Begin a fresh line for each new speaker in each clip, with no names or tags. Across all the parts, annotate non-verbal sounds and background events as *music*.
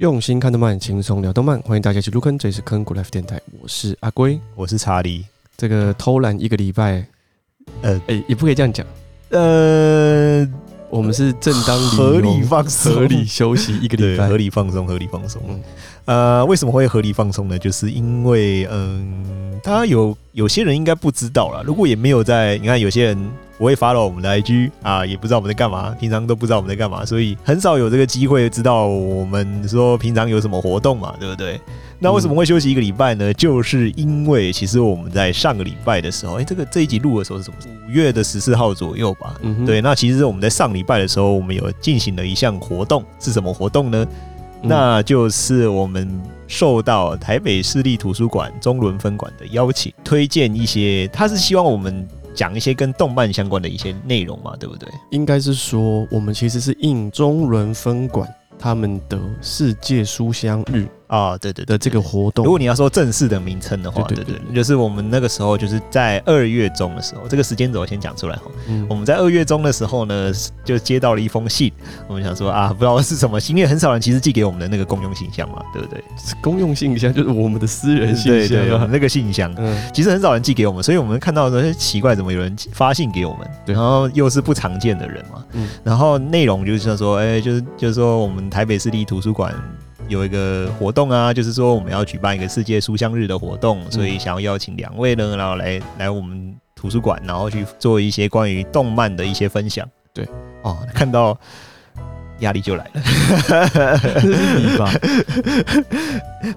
用心看動漫，輕鬆聊動漫，歡迎大家去入坑。這裡是坑谷 Life 電台，我是阿龜，我是查理。這個偷懶一個禮拜，呃，哎、欸，也不可以這樣講。
呃，我們是正當理由，合理放鬆，合理休息一個禮拜，合理放鬆，合理放鬆。嗯呃，為什麼會合理放鬆呢？就是因為，嗯，大家有有些人應該不知道啦。如果也沒有在，你看有些人不會 follow 我們的 IG 啊，也不知道我們在幹嘛，平常都不知道我們在幹嘛，所以很少有這個機會知道我們說平常有什麼活動嘛，對不對？那為什麼會休息一個禮拜呢？就是因為其實我們在上個禮拜的時候，誒、欸，這個這一集錄的時候是什麼？五月的十四號左右吧。嗯、哼對，那其實我們在上禮拜的時候，我們有進行了一項活動，是什麼活動呢？那就是我們受到台北市立圖書館中崙分館的邀請，推薦一些。他是希望我們講一些跟動漫相關的一些內容嘛，對不對？
應該是說，我們其實是應中崙分館他們的世界書香日。
啊、哦，對對對,對，這個活動。如果你
要說正式的名稱
的話，對對,對,對,對,對,對就是我們那個時候就是在二月中的時候，這個時間軸我先講出來哈。嗯、我們在二月中的時候呢，就接到了一封信。我們想說啊，不知道是什麼，因為很少人其實寄給我們的那個公用信箱嘛，對不對？公用信箱就是我們的私人信箱嘛對對對，那個信箱，其實很少人寄給我們，嗯、所以我們看到的時候奇怪，怎麼有人發信給我們？對然後又是不常見的人嘛。嗯、然後內容就是說，哎，就是就是說，我們台北市立圖書館。有一個活動啊，就是說我們要舉辦一個世界書香日的活動，嗯、所以想要邀請兩位呢，然後來來我們圖書館，然後去做一些關於動漫的一些分享。對，哦，看到壓力就來了，哈哈哈哈，對吧？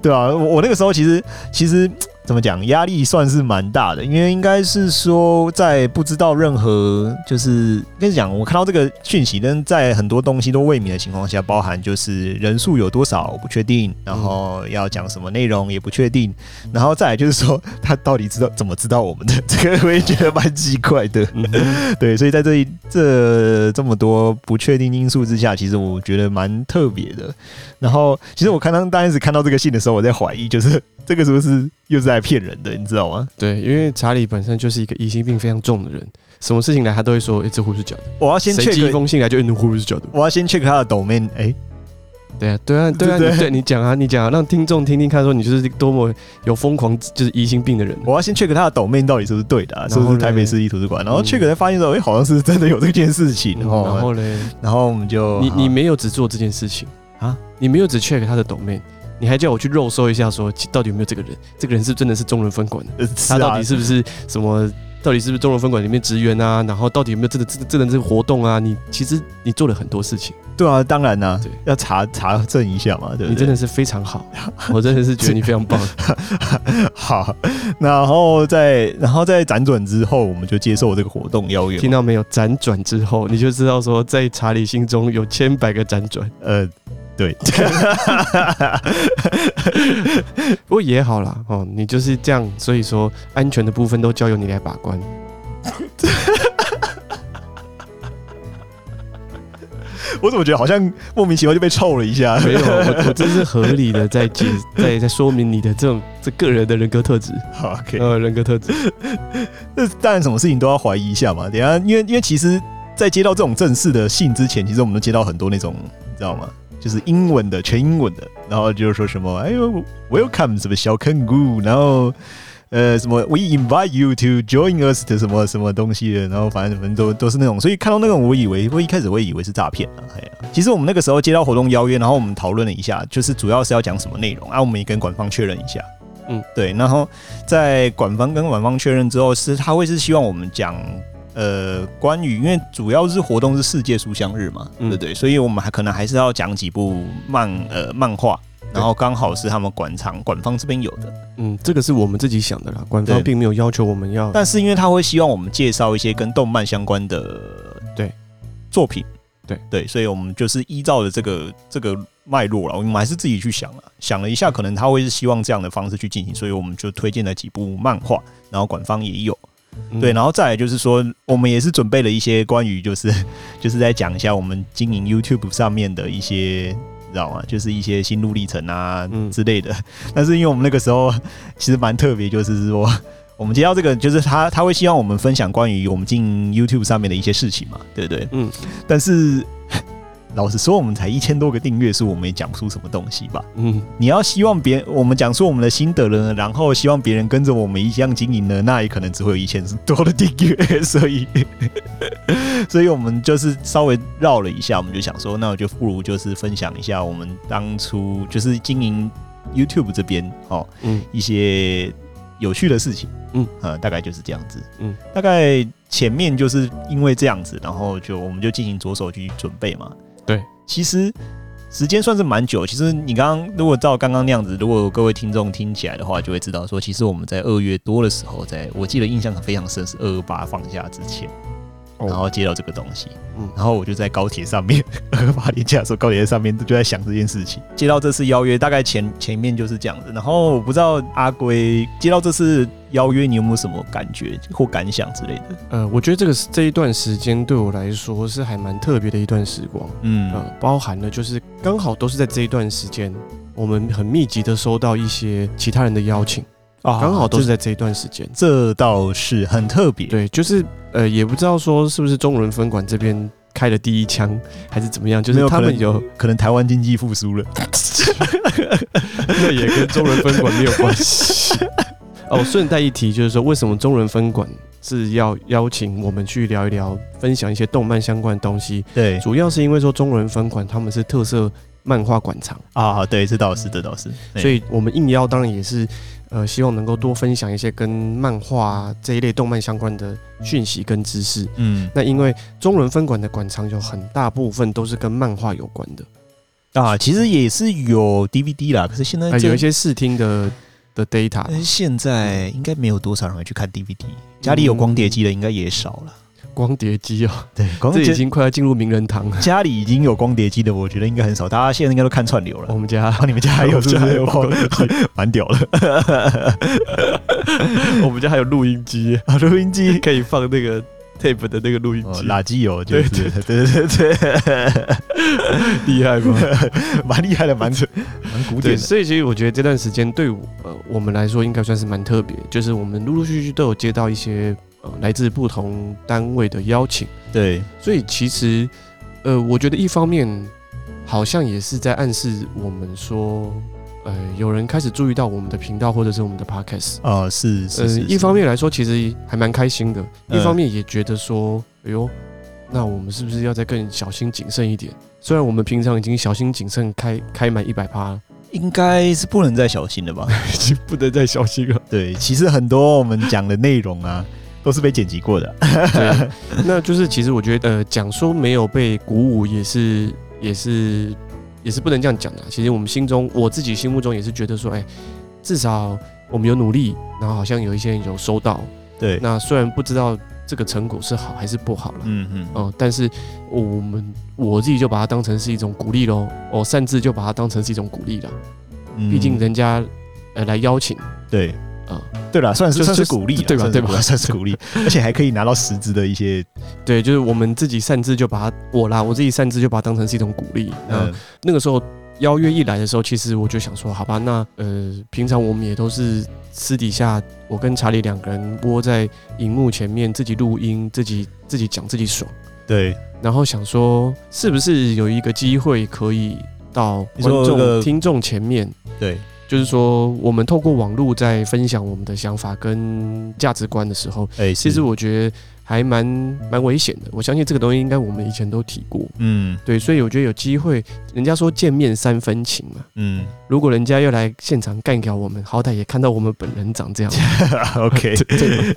對啊，我我那個時候其實其實。怎麼講？壓力算是蠻大的，因為應該是說，在不知道任何就是跟你講，我看到這個訊息，但在很多東西都未明的情況下，包含就是人數有多少我不確定，然後要講什麼內容也不確定，嗯、然後再來就是說，他到底知道怎麼知道我們的這個，我也覺得蠻奇怪的。嗯、哼 *laughs* 對，所以在這一這這麼多不確定因素之下，其實我覺得蠻特別的。然後，其實我剛剛當時看到這個信的時候，我在懷疑就是。這個是不是又是在
騙人的？你知道嗎？對，因為查理本身就是一個疑心病非常重的人，什麼事情來他都會說：“誒，這會不會是假的。”我要先 check 一封信來，就印度會不會是假的？我要先 check 他的 domain、欸。哎，對啊，對啊，對啊，對，對，對你講啊，你講、啊，讓聽眾聽聽看，說你就是多麼有瘋狂就是疑心病的人、啊。我要先 check 他的 domain 到底是不是對的、啊，然後是不是台北市立圖書館？然後 check 才發現說，哎、嗯欸，好像是真的有這件事情。嗯、然後呢，然後我們就你你沒有只做這件事情啊？你沒有只 check 他的 domain。你還叫我去肉搜一下說，說到底有沒有這個人？這個人是，不是真的是中崙分館的、啊，他到底是不、啊、是、啊是啊、什麼？到底是不是中崙分館裡面職員啊？然後到底有沒有這個這個這個這個活動啊？你其實你做了很多事情，對啊，當然啦、啊，對要查查證一下嘛，對，對你真的是非常好， *laughs* 我真的是覺得你非常棒。 *laughs* 好，
然後在然後在輾轉之後，我們就接受這個活動邀約、哦，聽到沒有？
輾轉之後，你就知道說，在查理心中有千百個輾轉。呃。對，Okay. *laughs* 不過也好啦。哦，你就是這樣，所以說安全的部分都交由你來把關。 *laughs* *laughs* 我怎麼覺得好像莫名其妙就被臭了一下？沒有，我我這是合理的，在解，在在說明你的這種這個人的人格特質。好，OK，Okay. 呃，人格特質，那 *laughs* 當然什麼事情都要懷疑一下嘛。等下，因為因
為其實，在接到這種正式的信之前，其實我們都接到很多那種，你知道嗎？就是英文的，全英文的，然後就說什麼，哎呦，welcome 什麼小坑谷，然後呃，什麼 we invite you to join us 的什麼什麼東西的，然後反正你們都都是那種，所以看到那種，我以為我一開始會以為是詐騙啊。哎呀，其實我們那個時候接到活動邀約，然後我們討論了一下，就是主要是要講什麼內容啊，我們也跟館方確認一下，嗯，對，然後在館方跟館方確認之後，是他會是希望我們講。呃，關於因為主要是活動是世界書香日嘛，嗯、對，對對，所以我們還可能還是要講幾部漫呃漫畫，然後剛好是他們館場館方這邊有的。嗯，這個是我們自
己想的啦，館方並沒有要求我們要，但
是因為他會希望我們介紹一些跟動漫相關的對作品，對對，對，所以我們就是依照的這個這個脈絡了，我們還是自己去想了，想了一下，可能他會是希望這樣的方式去進行，所以我們就推薦了幾部漫畫，然後館方也有。嗯、對，然後再來就是說，我們也是準備了一些關於、就是，就是就是在講一下我們經營 YouTube 上面的一些，知道嗎？就是一些心路歷程啊之類的。嗯、但是因為我們那個時候其實蠻特別，就是說我們接到這個，就是他他會希望我們分享關於我們經營 YouTube 上面的一些事情嘛，對不對？嗯，但是。老實說，我們才一千多個訂閱，是我們也講不出什麼東西吧？嗯，你要希望別人我們講述我們的心得呢，然後希望別人跟着我們一樣經營呢，那也可能只會有一千多的訂閱。所以， *laughs* 所以我們就是稍微繞了一下，我們就想說，那我就不如就是分享一下我們當初就是經營 YouTube 這邊哦，喔、嗯，一些有趣的事情，嗯，呃、嗯，大概就是這樣子，嗯，大概前面就是因為這樣子，然後就我們就進行着手去準備嘛。對，其實時間算是蠻久。其實你剛剛如果照剛剛那樣子，如果各位聽眾聽起來的話，就會知道說，其實我們在二月多的時候在，在我記得印象非常深是二二八放假之前。然後接到這個東西，嗯，然後我就在高鐵上面，發連假的高鐵上面就在想這件事情。接到這次邀約，大概前前面就是這樣子，然後我不知道阿龜接到這次邀約，你有沒有什麼感覺或感想之類的？
呃，我覺得這個這一段時間對我來說是還蠻特別的一段時光，嗯，呃，包含了就是剛好都是在這一段時間，我們很密集的收到一些其他人的邀請。啊，剛、哦、好都是在這一段時間、就是，這倒是很特別。對，就是呃，也不知道說是不是中崙分館這邊開的第一槍，還是怎麼樣，就是他們有，有可，能可能台灣經濟復甦了，那 *laughs* *laughs* 也跟中崙分館沒有關係。 *laughs* 哦，順帶一提，就是說為什麼中崙分館是要邀請我們去聊一聊、分享一些動漫相關的東西？對，主要是因為說中崙分館他們是特色。漫畫館藏
啊，對，是倒是，這倒是，所以
我們應邀當然也是，呃，希望能夠多分享一些跟漫畫這一類動漫相關的訊息跟知識。嗯，那因為中崙分館的館藏有很大部分都是跟漫畫有關的啊，其實也是有 DVD 啦，可是現在、呃、有一些視聽的的 data，但是現在
應該沒有多少人會去看 DVD，家裡有光碟機的應該也少了。嗯光碟機哦，對，光碟已經快要進入名人堂了。家裡已經有光碟機的，我覺得應該很少。大家現在應該都看串流了。我們家，你們家還有是不是？蠻屌的。我們家還有錄音機，錄音機可以放那個 tape 的那個錄音機。
老機油，對對對對對對，厲害嗎？蠻
厲害的，蠻蠻古典。
所以其實我覺得這段時間對呃我們來說應該算是蠻特別，就是我們陸陸續續都有接到一些。來自不同單位的邀請，對，所以其實，呃，我覺得一方面好像也是在暗示我們說，呃，有人開始注意到我們的頻道或者是我們的 podcast，啊、哦，是，是呃，是是一方面來說，其實還蠻開心的，呃、一方面也覺得說，哎呦，那我們是不是要再更小心謹慎一點？雖然我們平常已經小心謹慎開開滿一百趴，應該是不能再小心了吧？已經不能再小心了。對，
其實很多我們講的內容啊。 *laughs* 都是被剪輯過的，
*laughs* 對，那就是其實我覺得，呃，講說沒有被鼓舞也是也是也是不能這樣講的。其實我們心中，我自己心目中也是覺得說，哎、欸，至少我們有努力，然後好像有一些人有收到，對。那雖然不知道這個成果是好還是不好啦，嗯嗯哼、呃，但是我們我自己就把它當成是一種鼓勵嘍，我擅自就把它當成是一種鼓勵了，畢竟人家、嗯、呃來邀請，對。啊，嗯、對啦，算是算是鼓勵，對吧？對吧？算是鼓勵，而且還可以拿到實質的一些。對，就是我們自己擅自就把它，我啦，我自己擅自就把它當成是一種鼓勵。那那個時候邀約一來的時候，其實我就想說，好吧，那呃，平常我們也都是私底下，我跟查理兩個人窩在熒幕前面自己錄音，自己自己講自己爽。對，然後想說，是不是有一個機會可以到觀眾、那個、聽眾前面？對。就是說，我們透過網絡在分享我們的想法跟價值觀的時候，哎，欸、是其實我覺得還蠻蠻危險的。我相信這個東西應該我們以前都提過，嗯，對，所以我覺得有機會，人家說見面三分情嘛，嗯，如果人家要來現場幹掉我們，好歹也看到我們本人長這樣 *laughs* ，OK， *laughs* 對對、啊、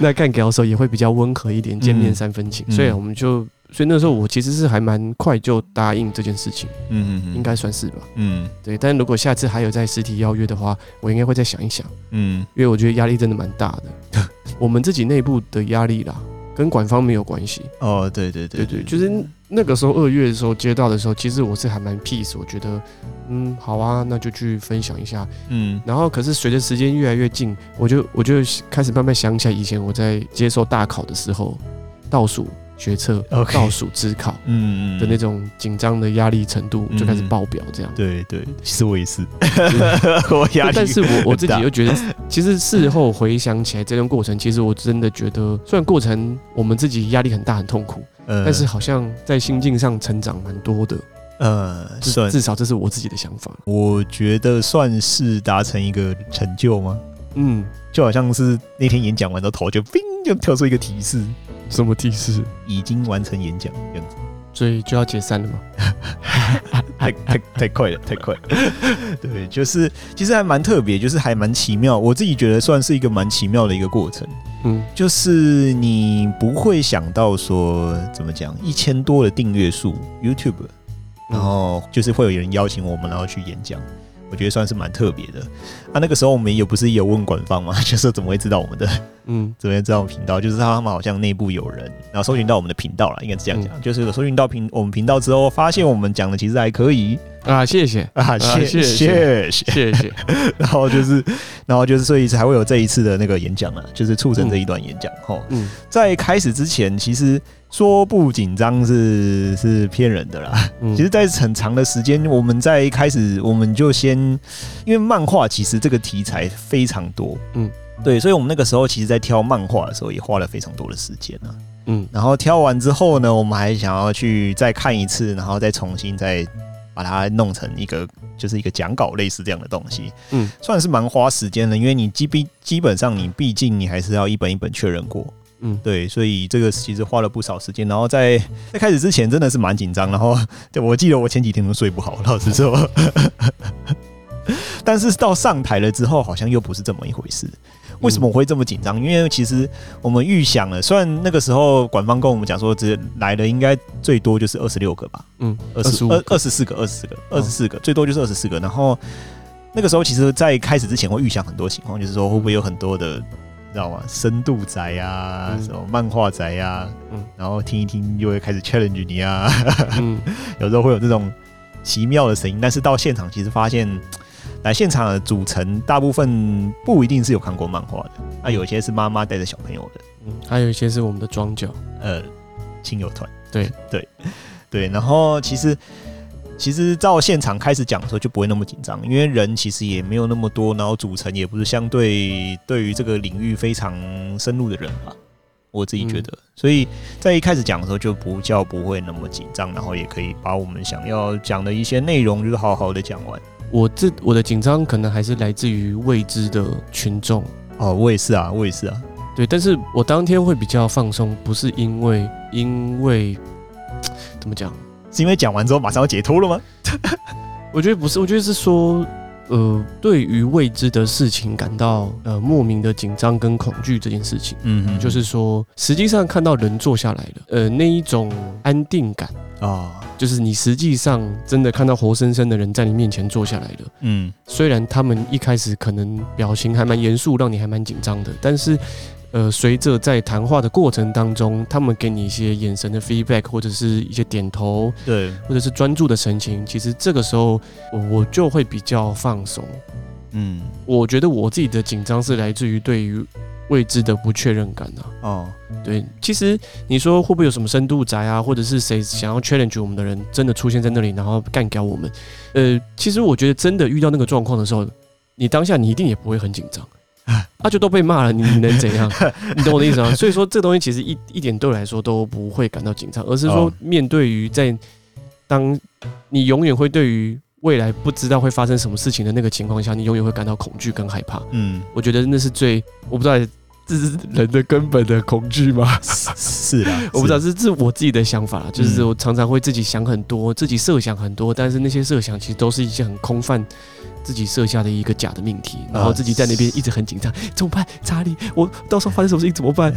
那幹掉的時候也會比較溫和一點，見面三分情，嗯、所以、啊、我們就。所以那個時候我其實是還蠻快就答應這件事情，嗯嗯，應該算是吧，嗯，對。但如果下次還有在實體邀約的話，我應該會再想一想，嗯，因為我覺得壓力真的蠻大的， *laughs* 我們自己內部的壓力啦，跟館方沒有關係。哦，對對對對對,對,對，就是那個時候二月的時候接到的時候，其實我是還蠻 peace，我覺得，嗯，好啊，那就去分享一下，嗯。然後可是隨着時間越來越近，我就我就開始慢慢想起來，以前我在接受大考的時候倒數。決策倒數自考，嗯嗯的那種緊張的壓力程度就開始爆表，這樣對，okay, 嗯嗯嗯，對，其實我也是， *laughs* 對 *laughs* 我壓力很大，但是我我自己又覺得， *laughs* 其實事後回想起來這段過程，其實我真的覺得，雖然過程我們自己壓力很大很痛苦，呃，但是好像在心境上成長蠻多的，呃、嗯，至少這是我自己的想法。
我覺得算是達成一個成就嗎？嗯，就好像是那天演講完之後，頭就冰，就跳出一個提示。什麼提示？已經完成演講，這樣子，所以就要解散了嗎？ *laughs* 太太太快了，太快了。 *laughs* 對，就是其實還蠻特別，就是還蠻奇妙。我自己覺得算是一個蠻奇妙的一個過程。嗯，就是你不會想到說，怎麼講，一千多的訂閱數，YouTube，然後就是會有人邀請我們，然後去演講。我覺得算是蠻特別的。那、啊、那個時候我們有不是也有問館方嗎？就是怎麼會知道我們的？嗯，怎麼會知道我們頻道？就是他們好像內部有人，然後搜尋到我們的頻道了，應該是這樣講。嗯、就是有搜尋到頻我們頻道之後，發現我們講的其實還可以、嗯、啊！謝謝啊，謝謝謝謝、啊、謝謝。謝謝謝謝 *laughs* 然後就是，然後就是所以才會有這一次的那個演講了、啊，就是促成這一段演講。嗯、吼，嗯，在開始之前，其實。說不緊張是是騙人的啦。嗯，其實，在很長的時間，我們在一開始，我們就先，因為漫畫其實這個題材非常多，嗯，對，所以我們那個時候其實，在挑漫畫的時候也花了非常多的時間呢，啊，嗯，然後挑完之後呢，我們還想要去再看一次，然後再重新再把它弄成一個，就是一個講稿類似這樣的東西，嗯，算是蠻花時間的，因為你基必基本上你畢竟你還是要一本一本確認過。嗯，對，所以這個其實花了不少時間。然後在在開始之前，真的是蠻緊張。然後就我記得我前幾天都睡不好。老實說，嗯、 *laughs* 但是到上台了之後，好像又不是這麼一回事。為什麼我會這麼緊張？因為其實我們預想了，雖然那個時候官方跟我們講說，只來的應該最多就是二十六個吧。嗯，二十二二十四個，二十四個，二十四個，個哦、最多就是二十四個。然後那個時候，其實，在開始之前會預想很多情況，就是說會不會有很多的。知道嗎？深度宅呀、啊，嗯、什麼漫畫宅呀、啊，嗯、然後聽一聽就會開始 challenge 你啊。嗯、 *laughs* 有時候會有這種奇妙的聲音，但是到現場其實發現，來現場的組成大部分不一定是有看過漫畫的。那、啊、有些是媽媽帶着小朋友的，嗯、還有一些是我們的樁腳，呃，親友團。對對對，然後其實。其實照現場開始講的時候就不會那麼緊張，因為人其實也沒有那麼多，然後組成也不是相對對於這個領域非常深入的人吧？我自己覺得，嗯、所以在一開始講的時候就不叫不會那麼緊張，然後也可以把我們想要講的一些內容就好好的
講完。我這我的緊張可能還是來自於未知的群眾。哦，我也是啊，我也是啊。對，但是我當天會比較放鬆，不是因為因為怎麼講。是因為講完之後馬上要解脫了嗎？ *laughs* 我覺得不是，我覺得是說，呃，對於未知的事情感到呃莫名的緊張跟恐懼這件事情，嗯嗯哼，就是說，實際上看到人坐下來了，呃，那一種安定感啊，哦、就是你實際上真的看到活生生的人在你面前坐下來了，嗯，雖然他們一開始可能表情還蠻嚴肅，讓你還蠻緊張的，但是。呃，隨着在談話的過程當中，他們給你一些眼神的 feedback，或者是一些點頭，對，或者是專注的神情，其實這個時候我就會比較放鬆。嗯，我覺得我自己的緊張是來自於對於未知的不確認感吶啊。哦，對，其實你說會不會有什麼深度宅啊，或者是誰想要 challenge 我們的人，真的出現在那裡，然後幹掉我們？呃，其實我覺得真的遇到那個狀況的時候，你當下你一定也不會很緊張。啊！就都被罵了，你能怎樣？你懂我的意思嗎？ *laughs* 所以說，這東西其實一一點對我來說都不會感到緊張，而是說，面對於在當你永遠會對於未來不知道會發生什麼事情的那個情況下，你永遠會感到恐懼跟害怕。嗯，我覺得那是最，我不知道這是人的根本的恐懼嗎？是，是啊，是啊。我不知道，這這是我自己的想法，就是我常常會自己想很多，自己設想很多，但是那些設想其實都是一些很空泛。自己設下的一個假的命題，然後自己在那邊一直很緊張，啊、怎麼辦，查理？我到時候發生什麼事情怎麼辦？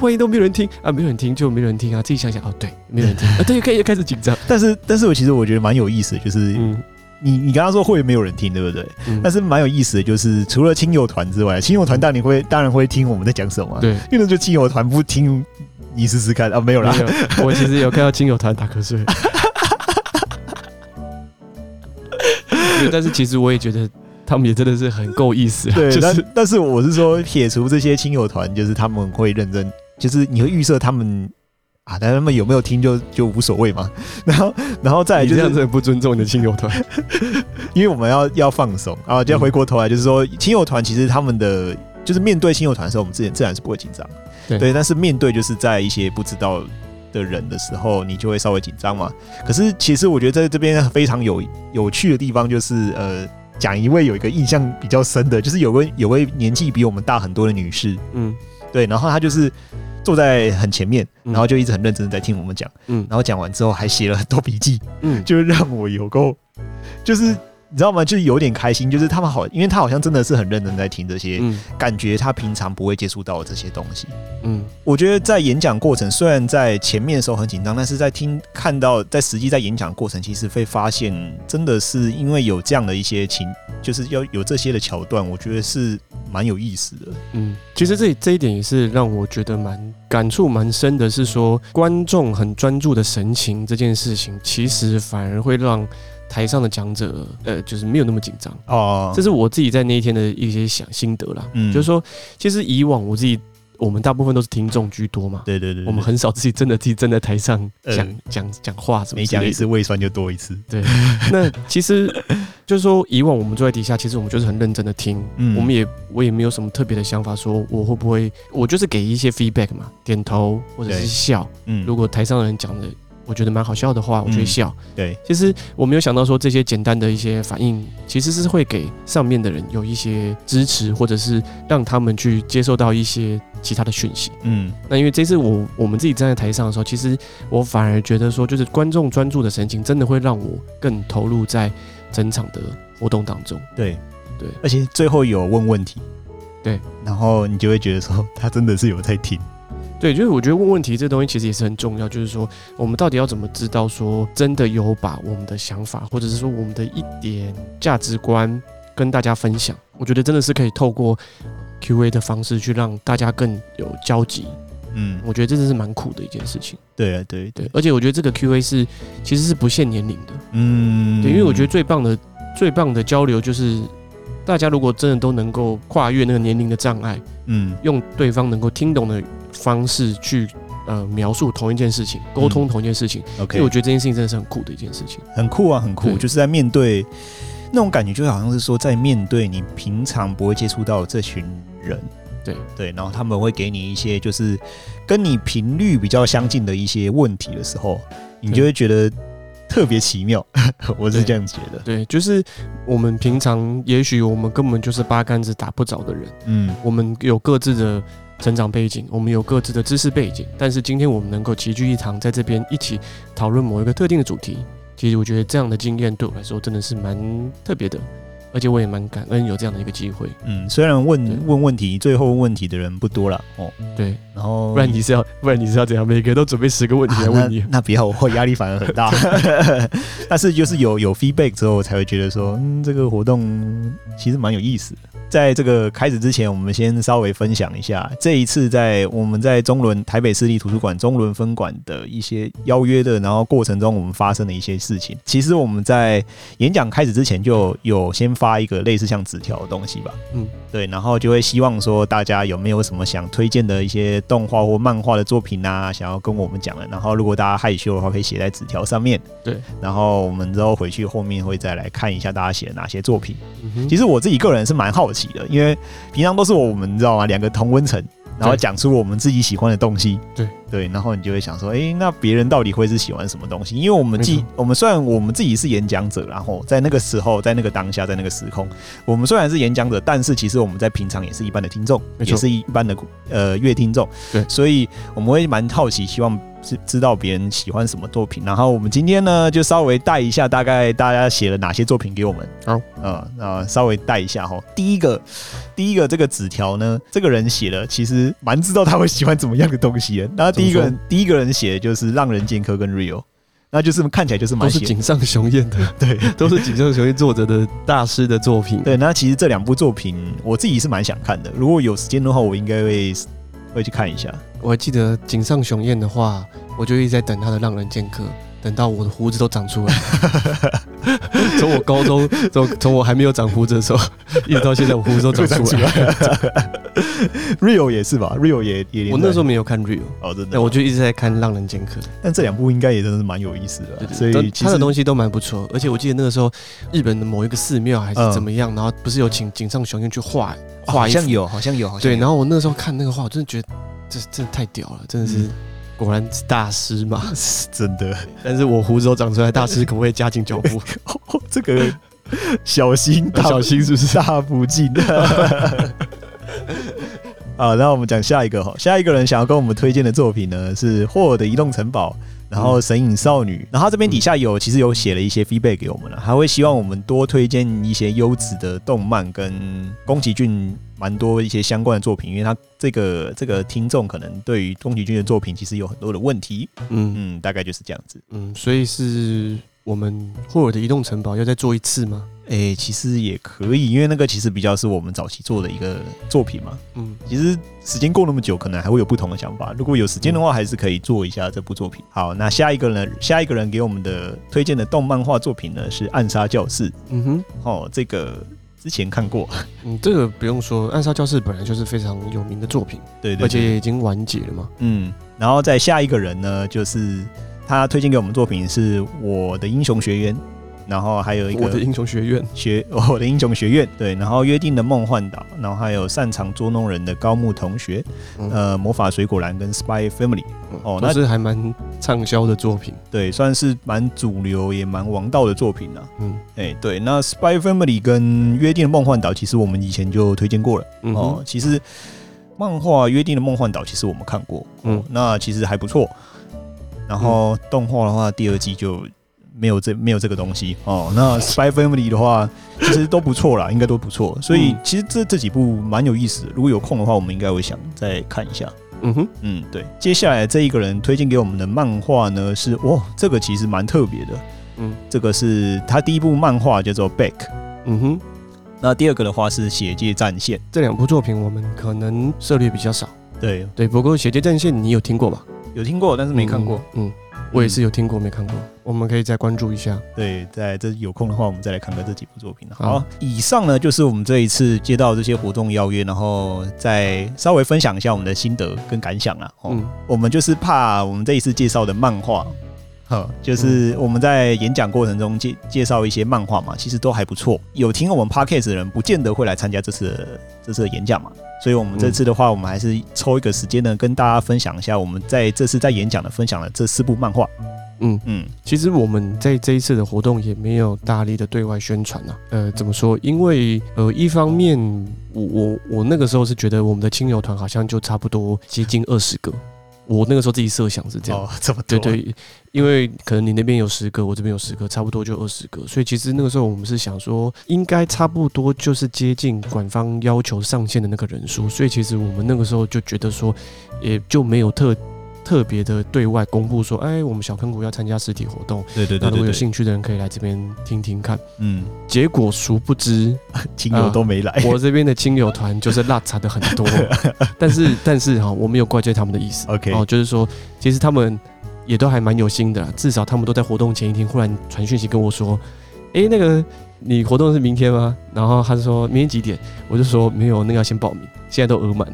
萬一都沒有人聽啊，沒有人聽就沒人聽啊，自己想想啊，對，
沒有人聽啊，對，又開始緊張。但是，但是我其實我覺得蠻有意思就是、嗯、你你剛剛說會沒有人聽，對不對？嗯、但是蠻有意思的，就是除了親友團之外，親友團當你會當然會聽我們在講什麼，對。因為就親友團不聽，你試試看啊，沒有啦沒有，我其實有
看到親友團打瞌睡。 *laughs* 但是其實我也覺得他們也真的是很夠意思、啊，就是、對。但但是
我是說，撇除這些親友團，就是他們會認真，就是你會預設他們啊，但他們有沒有聽就就無所謂嘛。然後然後再來、就是，你這樣子很不尊重你的親友團， *laughs* 因為我們要要放鬆啊。然後就要回過頭來，嗯、就是說親友團其實他們的就是面對親友團的時候，我們自己自然是不會緊張，對，對。但是面對就是在一些不知道。的人的時候，你就會稍微緊張嘛。可是其實我覺得在這邊非常有有趣的地方，就是呃，講一位有一個印象比較深的，就是有位有位年紀比我們大很多的女士，嗯，對，然後她就是坐在很前面，然後就一直很認真的在聽我們講，嗯，然後講完之後還寫了很多筆記，嗯，就讓我有夠就是。你知道嗎？就有點開心，就是他們好，因為他好像真的是很認真在聽這些，嗯，感覺他平常不會接觸到這些東西。嗯，我覺得在演講過程，雖然在前面的時候很緊張，但是在聽看到在實際在演講過程，其實會發現真的是因為有這樣的一些情，就是要有這些的橋段，我覺得是蠻有意思的。嗯，
其實這這一點也是讓我覺得蠻感觸蠻深的，是說觀眾很專注的神情這件事情，其實反而會讓。台上的講者，呃，就是沒有那麼緊張哦。Oh. 這是我自己在那一天的一些想心得啦。嗯，就是說，其實以往我自己，我們大部分都是聽眾居多嘛。對，對對對，我們很少自己真的自己站在台上講講講話什麼。每講一次胃酸就多一次。對，那其實 *laughs* 就是說，以往我們坐在底下，其實我們就是很認真的聽。嗯，我們也我也沒有什麼特別的想法，說我會不會，我就是給一些 feedback 嘛，點頭或者是笑。嗯，如果台上的人講的。我覺得蠻好笑的話，我就會笑。嗯，對，其實我沒有想到說這些簡單的一些反應，其實是會給上面的人有一些支持，或者是讓他們去接受到一些其他的訊息。嗯，那因為這次我我們自己站在台上的時候，其實我反而覺得說，就是觀眾專注的神情，真的會讓我更投入在整場的活動當中。
對對，對，而且最後有問問題，對，然後你就會覺得說，他真的是有在聽。
對，就是我覺得問問題這東西其實也是很重要。就是說，我們到底要怎麼知道說真的有把我們的想法，或者是說我們的一點價值觀跟大家分享？我覺得真的是可以透過 Q A 的方式去讓大家更有交集。嗯，我覺得這真是蠻酷的一件事情。對啊，對對，對，而且我覺得這個 Q A 是其實是不限年齡的。嗯，對，因為我覺得最棒的最棒的交流就是。大家如果真的都能夠跨越那個年齡的障礙，嗯，用對方能夠聽懂的方式去呃描述同一件事情，嗯、溝通同一件事情，OK，所以我覺得這件事情真的是很酷的一件事情，
很酷啊，很酷，對就是在面對那種感覺就好像是說在面對你平常不會接觸到的這群人，對對，然後他們會給你一些就是跟你頻率比較相近的一些問題
的時候，你就會覺得。特別奇妙，我是這樣覺得。對，對，就是我們平常也許我們根本就是八竿子打不着的人，嗯，我們有各自的成長背景，我們有各自的知識背景，但是今天我們能夠齊聚一堂，在這邊一起討論某一個特定的主題，其實我覺得這樣的經驗對我來說真的是蠻特別的。而且我也蠻感恩有這樣的一個機會。
嗯，雖然問對問問題，最後問問題的人不多了。哦，對，然後不然你
是要不然你是要怎樣？每個人都準備十個問題來問你，啊、那，那不要，我壓力反而很大。 *laughs* 對
*laughs* 但是就是有有 feedback 之後，我才會覺得說，嗯，這個活動其實蠻有意思。在這個開始之前，我們先稍微分享一下這一次在我們在中崙台北市立圖書館中崙分館的一些邀約的，然後過程中我們發生的一些事情。其實我們在演講開始之前就有先發一個類似像紙條的東西吧，嗯，對，然後就會希望說大家有沒有什麼想推薦的一些動畫或漫畫的作品啊，想要跟我們講的，然後如果大家害羞的話，可以寫在紙條上面。對，然後我們之後回去後面會再來看一下大家寫的哪些作品。嗯哼，其實我自己個人是蠻好奇因為平常都是我們，你知道嗎？兩個同溫層，然後講出我們自己喜歡的東西。對對，然後你就會想說，哎、欸，那別人到底會是喜歡什麼東西？因為我們既錯我們雖然我們自己是演講者，然後在那個時候，在那個當下，在那個時空，我們雖然是演講者，但是其實我們在平常也是一般的聽眾，錯也是一般的呃樂聽眾。對，所以我們會蠻好奇，希望。知知道別人喜歡什麼作品，然後我們今天呢就稍微帶一下，大概大家寫了哪些作品給我們。好，啊、嗯，那、嗯、稍微帶一下哈。第一個，第一個這個紙條呢，這個人寫的其實蠻知道他會喜歡怎麼樣的東西，那第一個，第一個人寫的就是《讓人見客》跟《Rio》，那就是看起來就是蠻。都是井上雄彥的， *laughs* 對，都是井上雄彥作者的大師的作品。 *laughs* 對，那其實這兩部作品我自己是蠻想看的，如果有時間的話，
我應該會會去看一下。我還記得井上雄彥的話，我就一直在等他的《浪人劍客》，等到我的鬍子都長出來。從 *laughs* 我高中，從從我還沒有長鬍子的時候，一直到現在，我鬍子都長出來了。 *laughs* 就 real 也是吧？Real 也也，我那時候沒有看 Real，哦，真的，但我就一直在看《浪人劍客》。但這兩部應該也真的是蠻有意思的、啊，對所以他的東西都蠻不錯。而且我記得那個時候，日本的某一個寺廟還是怎麼樣，嗯、然後不是有請井上雄彥去畫，畫，哦、好像有，好像有，好像有，對。然後我那時候看那個畫，我真的覺得。這真的太屌了，真的是，果然是大師嘛。嗯、是真的。但是我鬍子都長出來，大師可不可以加緊腳步、 *laughs* 哦。這個小心，小心，大小心是，不是大不敬 *laughs*
好，那我們講下一個哈。下一個人想要跟我們推薦的作品呢，是霍爾的《移動城堡》然，然後《神隱少女》。然後這邊底下有，嗯、其實有寫了一些 feedback 給我們了，還會希望我們多推薦一些優質的動漫跟宮崎駿。蠻多一些相關的作品，因為他這個這個聽眾可能對於宮崎駿的作品其實有很多的問題，嗯嗯，大概就是這樣子，
嗯，所以是我們霍爾的移動城堡要再做一次嗎？
哎、欸，其實也可以，因為那個其實比較是我們早期做的一個作品嘛，嗯，其實時間過那麼久，可能還會有不同的想法，如果有時間的話，嗯、還是可以做一下這部作品。好，那下一個呢？下一個人給我們的推薦的動漫畫作品呢是《暗殺教室》，嗯哼，哦，這個。之前看過，
嗯，這個不用說，《暗殺教室》本來就是非常有名的作品，嗯、對，對，對，對，而且已經完結了嘛，
嗯，然後再下一個人呢，就是他推薦給我們作品是《我的英雄學院》。然後還有一個我的英雄學院學，我的英雄學院對，然後約定的夢幻島，然後還有擅長捉弄人的高木同學，嗯，魔法水果籃跟 Spy Family 哦，那是還
蠻暢銷
的作品，對，算是蠻主流也蠻王道的作品呢。嗯，哎，對，那 Spy Family 跟約定的夢幻島其實我們以前就推薦過了。哦，其實漫畫約定的夢幻島其實我們看過，嗯，那其實還不錯。然後動畫的話，第二季就。沒有這沒有這個東西哦。那 Spy Family 的話，其實都不錯啦， *laughs* 應該都不錯。所以其實這這幾部蠻有意思的。如果有空的話，我們應該會想再看一下。嗯
哼，嗯，對。
接下來這一個人推薦給我們的漫畫呢，是哦，這個其實蠻特別的。
嗯，
這個是他第一部漫畫叫做 Back。嗯哼，那第二個的話是《血界戰線》。
這兩部作品我們可能涉獵比較少。對，對。不過《血界戰線》你有聽過吧？有聽過，但是沒看過。嗯，嗯我也是有聽過，沒看過。我們可以再關注一下，
對，在這有
空的話，我們再來看看這幾部作品。好，啊、
以上呢就是我們這一次接到這些活動邀約，然後再稍微分享一下我們的心得跟感想啊。嗯，我們就是怕我們這一次介紹的漫畫，嗯、就是我們在演講過程中介介紹一些漫畫嘛，其實都還不錯。有聽我們 Podcast 的人，不見得會來參加這次這次的演講嘛，所以，我們這次的話，嗯、我們還是抽一個時間呢，跟大家分享一下，我們在這次在演講的分享的這四部漫畫。
嗯嗯，嗯其實我們在這一次的活動也沒有大力的對外宣傳吶、啊。呃，怎麼說？因為呃，一方面，我我我那個時候是覺得我們的親友團好像就差不多接近二十個，我那個時候自己設想是這樣，哦，這麼多，對，對對。因為可能你那邊有十個，我這邊有十個，差不多就二十個。所以其實那個時候我們是想說，應該差不多就是接近官方要求上限的那個人數。所以其實我們那個時候就覺得說，也就沒有特。特別的對外公布說，哎，我們小坑谷要參加實體活動，對對，那如果有興趣的人可以來這邊聽聽看。嗯，結果殊不知，親友都沒來、呃。我這邊的親友團就是落差的很多， *laughs* 但是但是哈、哦，我沒有怪罪他們的意思。OK，哦，就是說，其實他們也都還蠻有心的啦，至少他們都在活動前一天忽然傳訊息跟我說，哎、欸，那個。你活動是明天嗎？然後他說明天幾點，我就說沒有，那個，要先報名，現在都額滿。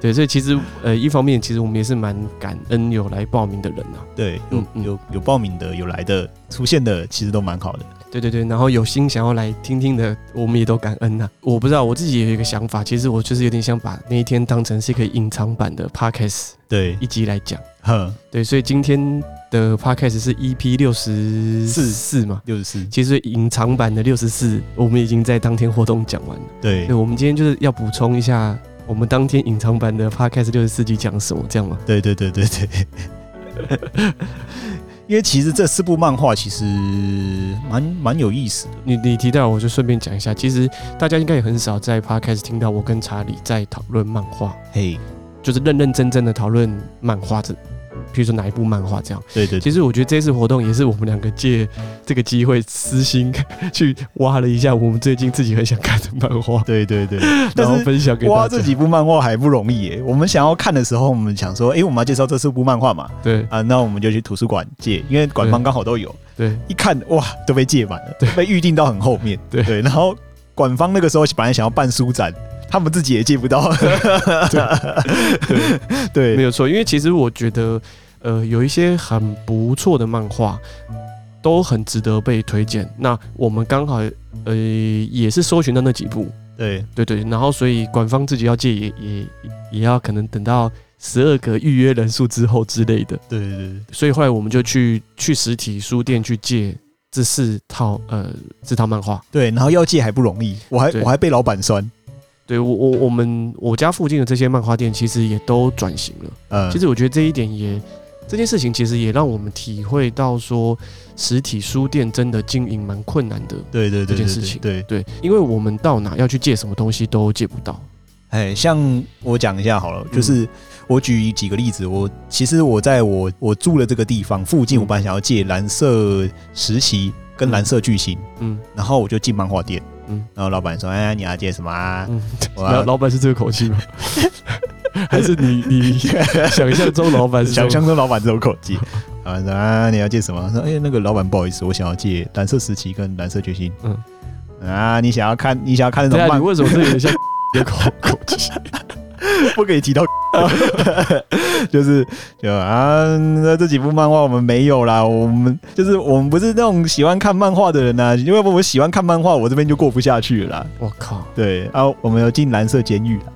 對，所以其實呃，一方面其實我們也是蠻感恩有來報名的人吶、啊。對，有、嗯嗯、有有報名的，有來的出現的，其實都蠻好的。對對對，然後有心想要來聽聽的，我們也都感恩吶、啊。我不知道，我自己有一個想法，其實我就是有點想把那一天當成是一個隱藏版的 podcast，對，一集來講。呵，對，所以今天。的 podcast 是 EP 六十四四嘛？六十四，其實隱藏版的六十四，我們已經在當天活動講完了。對，我們今天就是要補充一下，我們當天隱藏版的 podcast 六十四集講什麼，這樣嗎？對，對，對，對，對。因為其實這四部漫畫其實蠻蠻有意思的你。你你提到，我就順便講一下，其實大家應該也很少在 podcast 聽到我跟查理在討論漫畫，嘿，就是認認真真的討論漫畫這。譬如說哪一部漫畫這樣？對對、對，其實我覺得這次活動也是我們兩個借這個機會私心去挖了一下我們最近自己很想看的漫畫。對對對， *laughs* 然後分享給大家，挖這幾
部漫畫還不容易、欸，我們想要看的時候，我們想說，哎、欸，我們要介紹這四部漫畫嘛？對啊，那我們就去圖書館借，因為館方剛好都有。對，一看哇，都被借滿了，對 被預定到很後面。對對，然後館方那個時候本來想要辦書展。他們自己也借不到 *laughs* 對
對，對，沒有錯。因為其實我覺得，呃，有一些很不錯的漫畫，都很值得被推薦。那我們剛好，呃，也是搜尋到那幾部，對，對，對對。然後，所以館方自己要借也也也要可能等到十二個預約人數之後之類的，對，對對。所以後來我們就去去實體書店去借這四套呃這套漫畫，對。然後要借還不容易，我還對我還被老板酸。對，我我我們我家附近的這些漫畫店其實也都轉型了，呃，其實我覺得這一點也這件事情，其實也讓我們體會到說，實體書店真的經營蠻困難的，對對對，對，對，對，對，這件事情，對對，因為我們到哪要去借什麼東西都借不到，哎，像我講一下
好了，就是我舉幾個例子，嗯、我其實我在我我住的這個地方附近，我本來想要借《藍色時期》。跟藍色巨星，嗯，嗯，然後我就進漫畫店，嗯，然後老闆說：“哎，你要借什麼、啊？”嗯要，老
闆是這個口氣嗎？ *laughs* 還是你你想像中老闆，想象中
老闆這種口氣，啊、嗯，老闆說啊，你要借什麼？說哎那個老闆不好意思，我想要借藍色時期跟藍色巨星，嗯，啊，你想要看，你想要看那種漫畫？啊、為什麼是有些別口口，口氣？ *laughs* 不可以提到。 *laughs* *laughs* 就是，就啊，那這幾部漫畫我們沒有啦。我們就是我們不是那種喜歡看漫畫的人吶、啊，因為我們喜歡看漫畫，我這邊就過不下去了。我靠！對啊，我們有進藍色監獄了，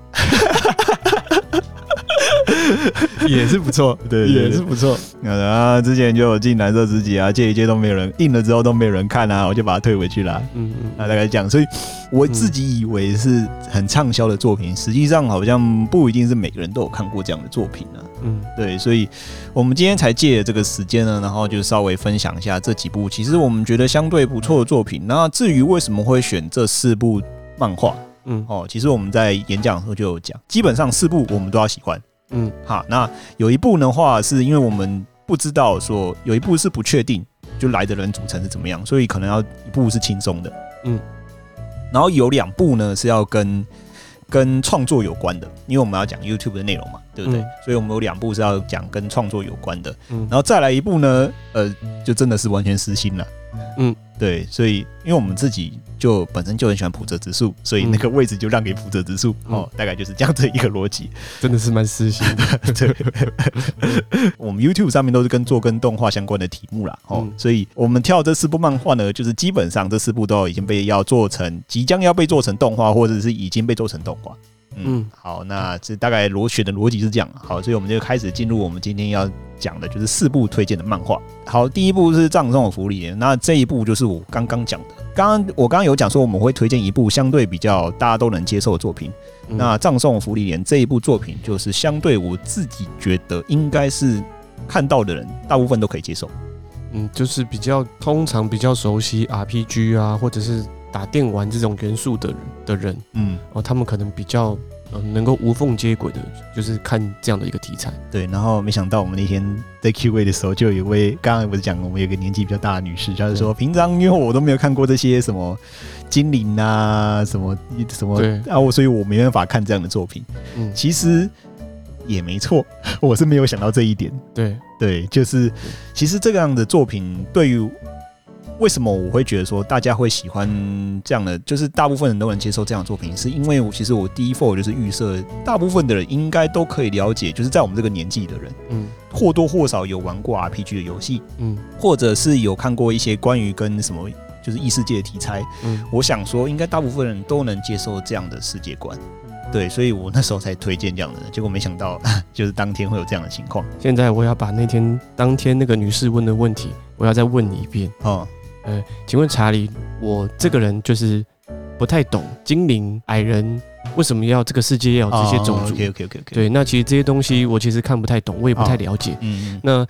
也是不錯， *laughs* 對，也是不錯。啊，之前就有進藍色時期啊，借一借都沒有人，印了之後都沒有人看啊，我就把它退回去了。嗯嗯，那、啊、大概這樣，所以我自己以為是很暢銷的作品，實際上好像不一定是每個人都有看過這樣的作品啊。嗯，對，所以我們今天才借這個時間呢，然後就稍微分享一下這幾部其實我們覺得相對不錯的作品。那至於為什麼會選這四部漫畫，嗯，哦，其實我們在演講的時候就有講，基本上四部我們都要喜歡。嗯，好，那有一部的話，是因為我們不知道說有一部是不確定，就來的人組成是怎麼樣，所以可能要一部是輕鬆的。嗯，然後有兩部呢是要跟。跟創作有關的，因為我們要講 YouTube 的內容嘛，對不對？嗯、所以我們有兩部是要講跟創作有關的，嗯、然後再來一部呢，呃，就真的是完全私心了，嗯。對，所以因為我們自己就本身就很喜歡浦澤直樹，所以那個位置就讓給浦澤直樹、嗯、哦，大概就是這樣子一個邏輯、嗯，
真的是蠻私心的。 *laughs* 對，
*laughs* 我們 YouTube 上面都是跟做跟動畫相關的題目啦哦，嗯、所以我們跳這四部漫畫呢，就是基本上這四部都已經被要做成，即將要被做成動畫，或者是已經被做成動畫。嗯，好，那這大概螺旋的邏輯是這樣，好，所以我們就開始進入我們今天要講的，就是四部推薦的漫畫。好，第一部是《葬送的芙莉蓮》，那這一部就是我剛剛講的，剛剛我剛剛有講說我們會推薦一部相對比較大家都能接受的作品，嗯、那《葬送的芙莉蓮》這一部作品就是相對我自己覺得應該是看到的人大部分都可以接受，
嗯，就是比較通常比較熟悉 RPG 啊，或者是。打電玩這種元素的的人，嗯，哦，他們可能比較嗯，能夠無縫接軌的，就是看這樣的一個題材。
對，然後沒想到我們那天在 Q 位的時候，就有一位剛剛不是講我們有個年紀比較大的女士，她、就是說對平常因為我都沒有看過這些什麼精靈啊，什麼什麼對啊，我所以我沒辦法看這樣的作品。嗯，其實也沒錯，我是沒有想到這一點。對對，就是其實這樣的作品對於。為什麼我會覺得說大家會喜歡這樣的，就是大部分人都能接受這樣的作品，是因為我其實我第一 f 就是預設大部分的人應該都可以了解，就是在我們這個年紀的人，嗯，或多或少有玩過 RPG 的遊戲，嗯，或者是有看過一些關於跟什麼就是異世界的題材，嗯，我想說應該大部分人都能接受這樣的世界觀，對，所以我那時候才推薦這樣的人，結果沒想到就是當天會有這樣的情
況。現在我要把那天當天那個女士問的問題，我要再問你一遍啊。哦呃，請問查理，我這個人就是不太懂精靈、矮人為什麼要這個世界要有這些種族？哦哦對，okay okay okay 那其實這些東西我其實看不太懂，我也不太了解。哦、嗯，那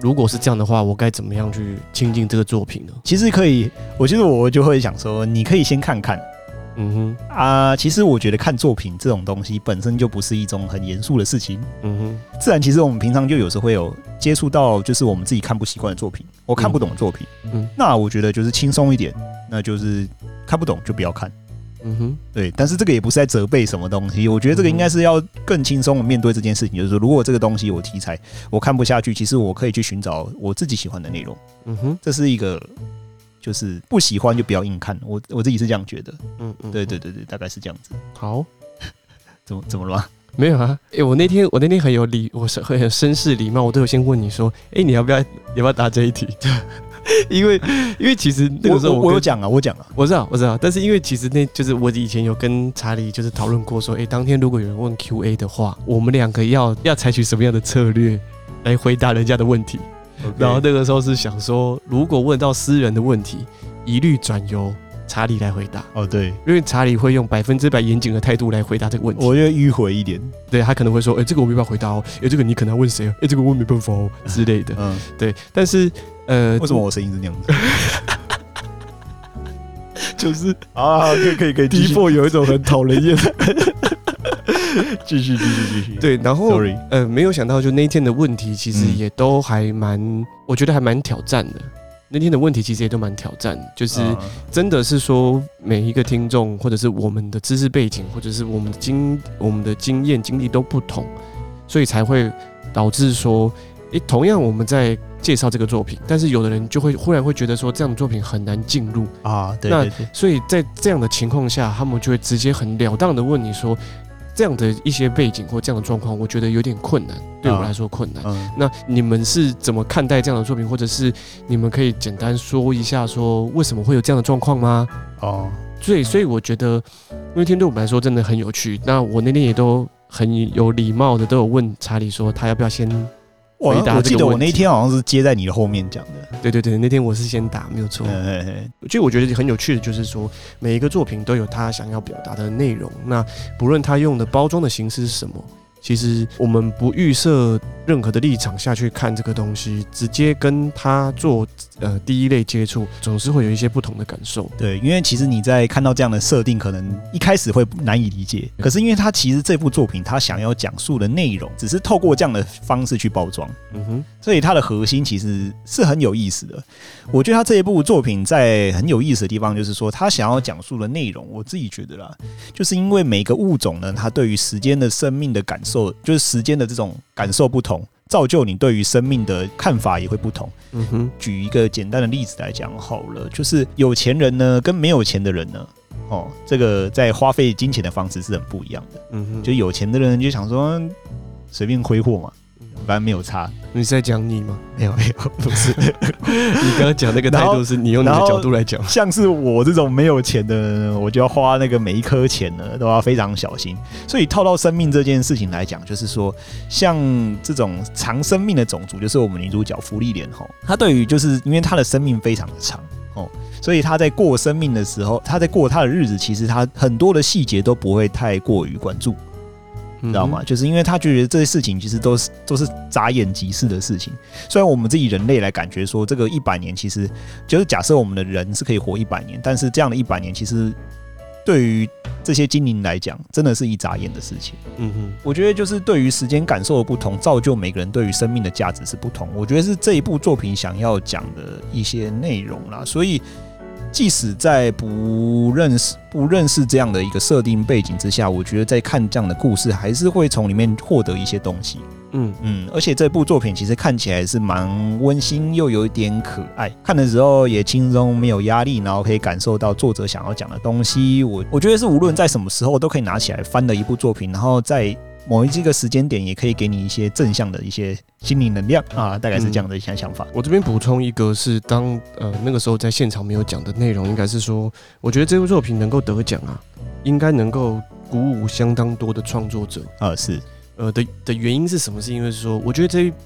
如果是這樣的話，我該怎麼樣去親近這個作品呢？其實可以，我覺得我就會想說，你可以先看看。嗯
哼啊，其實我覺得看作品這種東西本身就不是一種很嚴肅的事情。嗯哼，自然其實我們平常就有時候會有接觸到，就是我們自己看不習慣的作品，我看不懂的作品。嗯，那我覺得就是輕鬆一點，那就是看不懂就不要看。嗯哼，對，但是這個也不是在責備什麼東西，我覺得這個應該是要更輕鬆的面對這件事情。就是說，如果這個東西我題材我看不下去，其實我可以去尋找我自己喜歡的內容。嗯哼，這是一個。就是不喜歡就不要硬看，我我自己是這樣覺得。嗯嗯，嗯，對對對對，大概是這樣子。好怎，怎麼怎麼了？
沒有啊，哎、欸，我那天我那天很有禮，我是很紳士禮貌，我都有先問你說，哎、欸，你要不要你要不要答這一題？ *laughs* 因為因為其實那個時候我我，我有講啊，我講啊，我知道我知道，但是因為其實那就是我以前有跟查理就是討論過說，哎、欸，當天如果有人問 Q&A 的話，我們兩個要要採取什麼樣的策略來回答人家的問題？然後那個時候是想說，如果問到私人的問題，一律轉由查理來回答。哦，對，因為查理會用百分之百嚴謹的態度來回答這個問題。我會迂回一點，對，他可能會說：“哎，這個我沒辦法回答哦，哎，這個你可能要問誰？哎，這個我沒辦法哦之類的。嗯”嗯，對。但是，呃，為什麼我聲音是那樣
子？ *laughs* 就是啊，可以可以可以。可以 T four 有一種很討人厭。 *laughs*
繼 *laughs* 續繼續繼續，對，然後 Sorry 呃，沒有想到，就那一天的問題，其實也都還蠻，嗯、我覺得還蠻挑戰的。那天的問題其實也都蠻挑戰，就是真的是說，每一個聽眾或者是我們的知識背景，或者是我們的經我們的經驗經歷都不同，所以才會導致說，誒、欸，同樣我們在介紹這個作品，但是有的人就會忽然會覺得說，這樣的作品很難進入啊。對對對對，那所以在這樣的情況下，他們就會直接很了當的問你說。這樣的一些背景或這樣的狀況，我覺得有點困難，uh huh. 對我來說困難。Uh huh. 那你們是怎麼看待這樣的作品，或者是你們可以簡單說一下，說為什麼會有這樣的狀況嗎？哦，uh huh. 對，所以我覺得那天對我來說真的很有趣。那我那天也都很有禮貌的，都有問查理說他要不要先。我我記得我那天好像是接在你的後面講的，對對對，那天我是先打，沒有錯。欸欸欸。其實我覺得很有趣的，就是說每一個作品都有他想要表達的內容，那不論他用的包裝的形式是什麼。其實我們不預設任何的立場下去看這個東西，直接跟他做呃第一類接觸，總是會有一些不同的感受。對，因為其實你在看到這
樣的設定，可能一開始會難以理解。嗯、可是因為他其實這部作品他想要講述的內容，只是透過這樣的方式去包裝。嗯哼，所以它的核心其實是很有意思的。我覺得他這一部作品在很有意思的地方，就是說他想要講述的內容，我自己覺得啦，就是因為每個物種呢，它對於時間的、生命的感受。So, 就是時間的這種感受不同，造就你對於生命的看法也會不同。嗯哼，舉一個簡單的例子來講好了，就是有錢人呢跟沒有錢的人呢，哦，這個在花費金錢的方式是很不一樣的。嗯哼，就有錢的人就想說，隨便揮霍嘛。一般沒有差，你是在講你嗎？沒有、啊、沒有，不是。
*laughs* 你剛剛講那個態度是你用哪個角度來講，
像是我這種沒有錢的人，我就要花那個每一顆錢呢都要非常小心。所以套到生命這件事情來講，就是說，像這種長生命的種族，就是我們女主角芙莉蓮吼，她對於就是因為她的生命非常的長哦，所以她在過生命的時候，她在過她的日子，其實她很多的細節都不會太過於關注。你知道嗎？就是因為他覺得這些事情其實都是都是眨眼即逝的事情。雖然我們自己人類來感覺說，這個一百年，其實就是假設我們的人是可以活一百年，但是這樣的一百年，其實對於這些精靈來講，真的是一眨眼的事情。嗯哼，我覺得就是對於時間感受的不同，造就每個人對於生命的價值是不同。我覺得是這一部作品想要講的一些內容啦，所以。即使在不認識不認識這樣的一個設定背景之下，我覺得在看這樣的故事，還是會從裡面獲得一些東西。嗯嗯，而且這部作品其實看起來是蠻溫馨又有一點可愛，看的時候也輕鬆沒有壓力，然後可以感受到作者想要講的東西。我我覺得是無論在什麼時候都可以拿起來翻的一部作品，然後在。某一個時間點，也可以給你一些正向的一些心理能量啊，大概是這樣的一些想法，嗯。
我這邊補充一個，是當呃那個時候在現場沒有講的內容，應該是說，我覺得這部作品能夠得獎啊，應該能夠鼓舞相當多的創作者啊，嗯，是呃的的原因是什麼？是因為說，我覺得這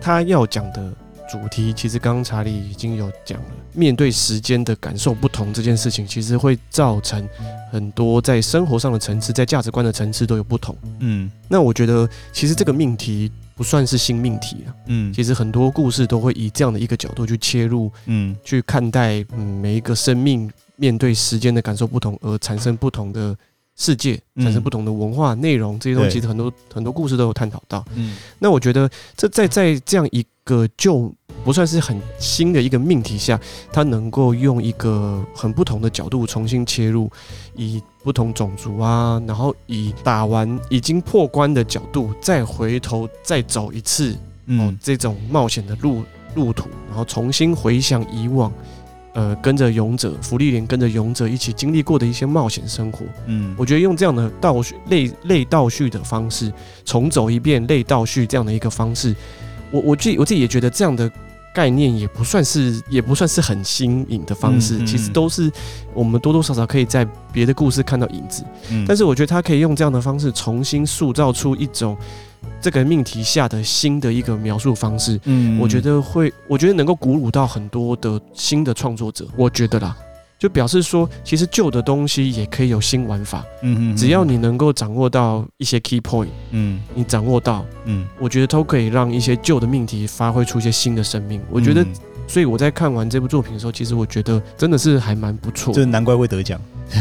他要講的。主題其實剛查理已經有講了，面對時間的感受不同這件事情，其實會造成很多在生活上的層次，在價值觀的層次都有不同。嗯，那我覺得其實這個命題不算是新命題。嗯，其實很多故事都會以這樣的一個角度去切入，嗯，去看待，嗯，每一個生命面對時間的感受不同而產生不同的世界，產生不同的文化內容這些東西，其實很多很多故事都有探討到。嗯，那我覺得這在在這樣一個舊不算是很新的一個命題下，他能夠用一個很不同的角度重新切入，以不同種族啊，然後以打完已經破關的角度再回頭再走一次，嗯、喔，這種冒險的路路途，然後重新回想以往，呃，跟着勇者芙莉蓮跟着勇者一起經歷過的一些冒險生活，嗯，我覺得用這樣的倒敘、類類倒敘的方式重走一遍類倒敘這樣的一個方式，我我自己我自己也覺得這樣的。概念也不算是，也不算是很新穎的方式，嗯、其實都是我們多多少少可以在別的故事看到影子。嗯、但是我覺得他可以用這樣的方式重新塑造出一種這個命題下的新的一個描述方式。嗯，我覺得會，我覺得能夠鼓舞到很多的新的創作者。我覺得啦。就表示說，其實舊的東西也可以有新玩法。嗯嗯，只要你能夠掌握到一些 key point，嗯，你掌握到，嗯，我覺得都可以讓一些舊的命題發揮出一些新的生命。我覺得，嗯、所以我在看完這部作品的時候，其實我覺得真的是還蠻不錯。這難怪會得獎。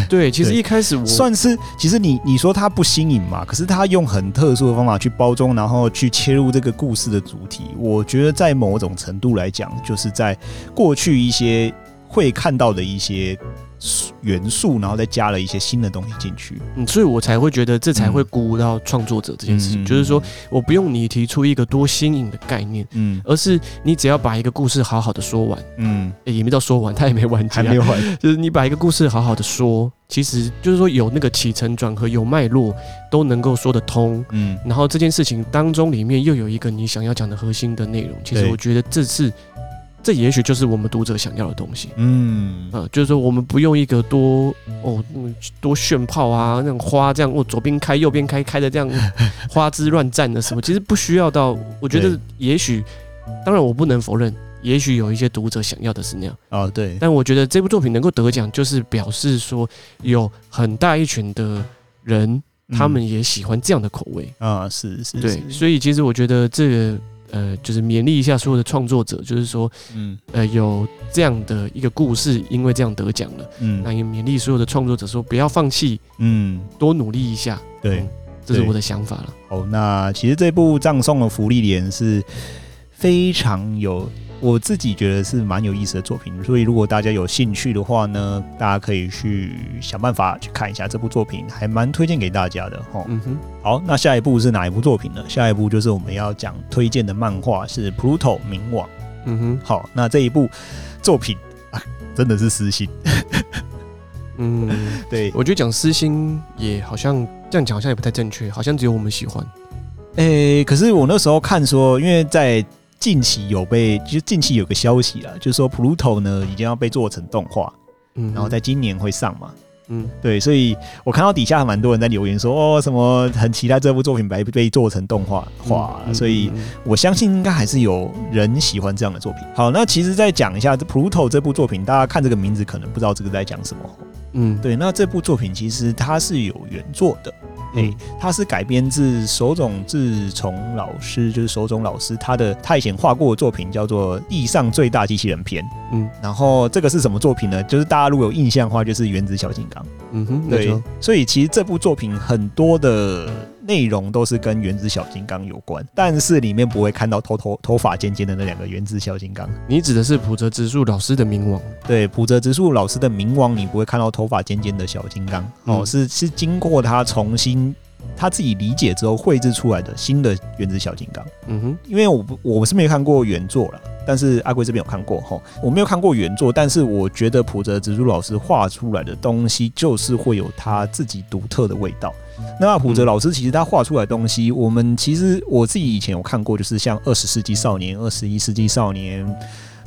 對，
其實一開始我算是，其實你你說它不新穎嘛，可是它用很特殊的方法去包裝，然後去切入這個故事的主體。我覺得在某種程度來講，就是在過去一些。會看到的一些元素，然後再加了一些新的東西進去，
嗯，所以我才會覺得這才會鼓舞到創作者這件事情、嗯。就是說，我不用你提出一個多新穎的概念，嗯，而是你只要把一個故事好好的說完，嗯、欸，也沒到說完，他也沒完結、啊，沒完 *laughs* 就是你把一個故事好好的說，其實就是說有那個起承轉合，有脈絡都能夠說得通，嗯，然後這件事情當中裡面又有一個你想要講的核心的內容，其實我覺得這次。這也許就是我們讀者想要的東西，嗯，啊、呃，就是說我們不用一個多哦、嗯，多炫炮啊，那種花這樣，哦，左邊開右邊開開的這樣，花枝亂顫的什麼， *laughs* 其實不需要到。我覺得也許，對當然我不能否認，也許有一些讀者想要的是那樣，啊、哦，對。但我覺得這部作品能夠得獎，就是表示說有很大一群的人，嗯、他們也喜歡這樣的口味啊、哦，是是，是，是，對。所以其實我覺得這個。呃，就是勉勵一下所有的創作者，就是說，嗯，呃，有這樣的一個故事，因為這樣得獎了，嗯，那也勉勵所有的創作者說，不要放棄，嗯，多努力一下，嗯、對，這是我的想法了。
好，那其實這部《葬送的芙莉蓮》是非常有。我自己覺得是蠻有意思的作品，所以如果大家有興趣的話呢，大家可以去想辦法去看一下這部作品，還蠻推薦給大家的哈。嗯哼，好，那下一部是哪一部作品呢？下一部就是我們要講推薦的漫畫是《Pluto 冥王》。嗯
哼，
好，那這一部作品啊，真的是私心。 *laughs* 嗯，
對，我覺得講私心也好像這樣講，好像也不太正確，好像只有我們喜歡。哎、
欸，可是我那時候看說，因為在。近期有被，就近期有個消息啊，就是說 Pluto 呢，已經要被做成動畫，
嗯哼，然後在
今年會上嘛，嗯，對，所以我看到底下還蠻多人在留言說，哦，什麼很期待這部作品被被做成動畫畫嗯哼。所以我相信應該還是有人喜歡這樣的作品。好，那其實再講一下這 Pluto 這部作品，大家看這個名字可能不知道這個在講什麼，嗯，對，那這部作品其實它是有原作的。哎、嗯欸，它是改編自手冢治蟲老師，就是手冢老師他的他以前畫過的作品，叫做《地上最大機器人篇》。嗯，然後這個是什麼作品呢？就是大家如果有印象的話，就是《原子小金剛》。
嗯哼，對，
說所以其實這部作品很多的。內容都是跟原子小金剛有關，但是裡面不會看到頭頭頭髮尖尖的那兩個原子小金剛。你指的是浦澤直樹老師的冥王？對，浦澤直樹老師的冥王，你不會看到頭髮尖尖的小金剛哦、嗯，是是經過他重新他自己理解之後繪製出來的新的原子小金剛。嗯哼，因為我我是沒看過原作啦。但是阿貴這邊有看過，我沒有看過原作，但是我覺得浦澤直樹老師畫出來的東西就是會有他自己獨特的味道。那浦澤老師其實他畫出來的東西，嗯、我們其實我自己以前有看過，就是像二十世紀少年、二十一世紀少年、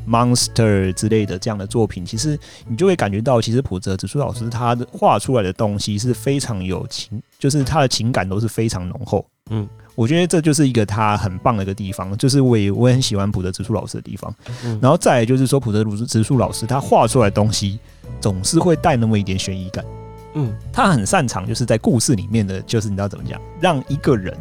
Monster 之類的這樣的作品，其實你就會感覺到，其實浦澤直樹老師他的畫出來的東西是非常有情，就是他的情感都是非常濃厚，嗯。我覺得這就是一個他很棒的一個地方，就是我也我很喜歡浦澤直樹老師的地方。嗯，然後再來就是說，浦澤直樹老師他畫出來的東西總是會帶那麼一點懸疑感。嗯，他很擅長就是在故事裡面的就是你知道怎麼講，讓一個人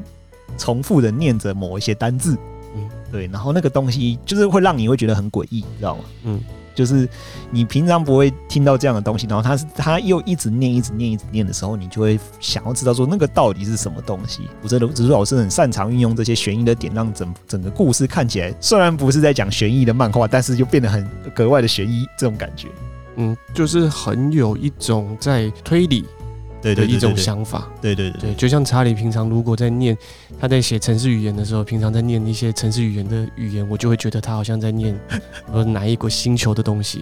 重複的念着某一些單字。嗯，對，然後那個東西就是會讓你會覺得很詭異，你知道嗎？嗯。就是你平常不會聽到這樣的東西，然後他是他又一直念一直念一直念的時候，你就會想要知道說那個到底是什麼東西。我覺得只是老師，很擅長運用這些懸疑的點，讓整整個故事看起來雖然不是在講懸疑的漫畫，但是就變得很格外的懸疑這種感覺。嗯，
就是很有一種在推理。對的一種想法，對對對，就像查理平常如果在念，他在寫城市語言的時候，平常在念一些城市語言的語言，我就會覺得他好像在念，說哪一個星球的東西，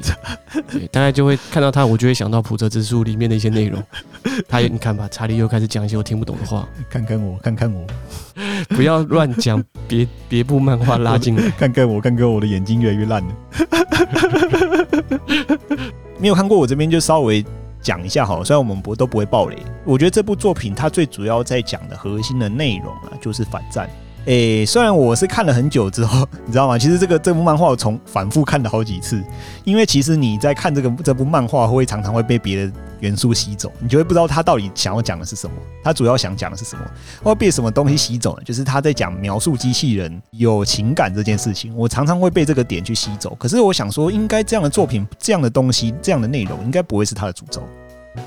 大家就會看到他，我就會想到普澤之書裡面的一些內容。他，也你看吧，查理又開始講一些我聽不懂的話。看看我，看看我，不要亂講，別別部漫畫拉進來。
看看我，看看我的眼睛越來越爛了。沒有看過我這邊就稍微講一下好。雖然我們不都不會爆雷。我覺得這部作品它最主要在講的核心的內容啊，就是反戰。誒、欸，雖然我是看了很久之後，你知道嗎？其實這個這部漫畫我從反複看了好幾次，因為其實你在看這個這部漫畫會常常會被別的元素吸走，你就會不知道他到底想要講的是什麼，他主要想講的是什麼？會被什麼東西吸走呢？就是他在講描述機器人有情感這件事情，我常常會被這個點去吸走。可是我想說，應該這樣的作品、這樣的東西、這樣的內容，應該不會是它的主軸。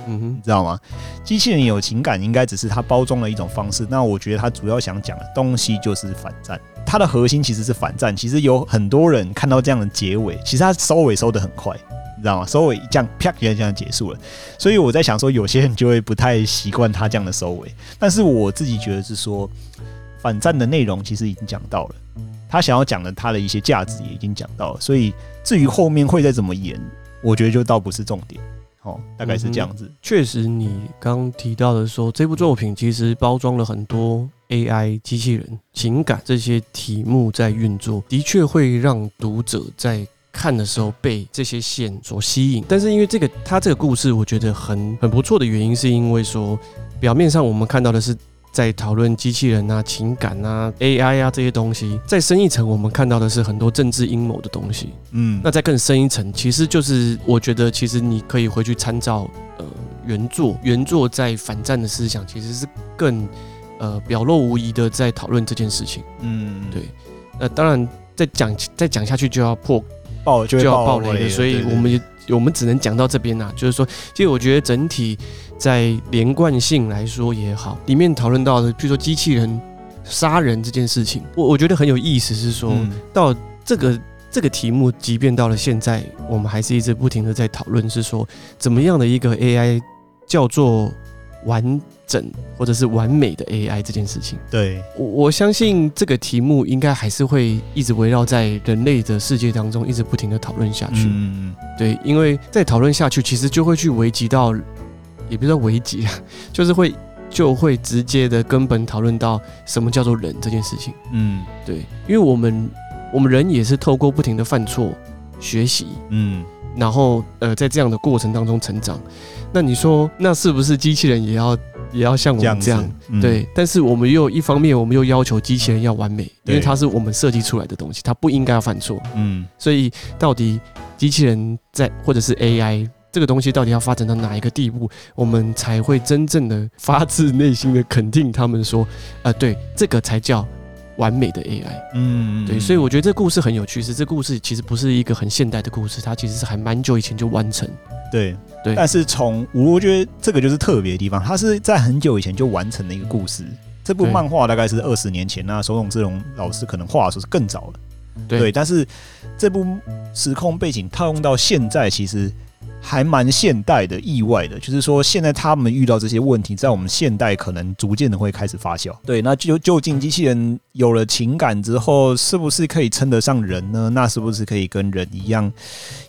嗯哼，你知道嗎？機器人有情感，應該只是它包裝的一種方式。那我覺得它主要想講的東西就是反戰，它的核心其實是反戰。其實有很多人看到這樣的結尾，其實它收尾收得很快，你知道嗎？收尾一樣啪一下這樣結束了。所以我在想說，有些人就會不太習慣他這樣的收尾。但是我自己覺得是說，反戰的內容其實已經講到了，他想要講的他的一些價值也已經講到了。所以至於後面會再怎麼演，我覺得就倒不是重點。哦，大概是這樣子。嗯，
確實，你剛提到的說，這部作品其實包裝了很多 AI 機器人、情感這些題目在運作，的確會讓讀者在看的時候被這些線所吸引。但是，因為這個他這個故事，我覺得很很不錯的原因，是因為說，表面上我們看到的是。在討論機器人啊、情感啊、AI 啊，這些東西，再深一層，我們看到的是很多政治陰謀的東西。嗯，那再更深一層，其實就是我覺得，其實你可以回去參照呃原作，原作在反戰的思想其實是更呃表露無遺的在討論這件事情。嗯，對。呃，當然再講再講下去就要破爆就要爆雷了，所以我們。我們只能講到這邊啦，啊，就是說，其實我覺得整體在連貫性來說也好，裡面討論到的，譬如說機器人殺人這件事情，我我覺得很有意思，是說到這個這個題目，即便到了現在，我們還是一直不停的在討論，是說怎麼樣的一個 AI 叫做。完整或者是完美的 AI 這件事情，對，我，我相信這個題目應該還是會一直圍繞在人類的世界當中，一直不停的討論下去。嗯嗯，對，因為再討論下去，其實就會去危及到，也不是危及啊，就是會就會直接的根本討論到什麼叫做人這件事情。嗯，對，因為我們我們人也是透過不停的犯錯學習。嗯。然後，呃，在這樣的過程當中成長，那你說，那是不是機器人也要也要像我們這樣？這樣嗯、對，但是我們又一方面，我們又要求機器人要完美，對因為它是我們設計出來的東西，它不應該要犯錯。嗯，所以到底機器人在或者是 AI 這個東西到底要發展到哪一個地步，我們才會真正的發自內心的肯定他們說，啊、呃，對，這個才叫。完美的 AI，嗯，對，所以我覺得這故事很有趣，是這故事其實不是一個很現代的故事，它其實是還蠻久以前就完成，對對，對
但是從我覺得這個就是特別的地方，它是在很久以前就完成的一個故事，這部漫畫大概是二十年前，對那手冢治蟲老師可能畫的時候是更早了，對，對，但是這部時空背景套用到現在，其實。還蠻現代的，意外的，就是說，現在他們遇到這些問題，在我們現代可能逐漸的會開始發酵。對，那就究竟機器人有了情感之後，是不是可以稱得上人呢？那是不是可以跟人一樣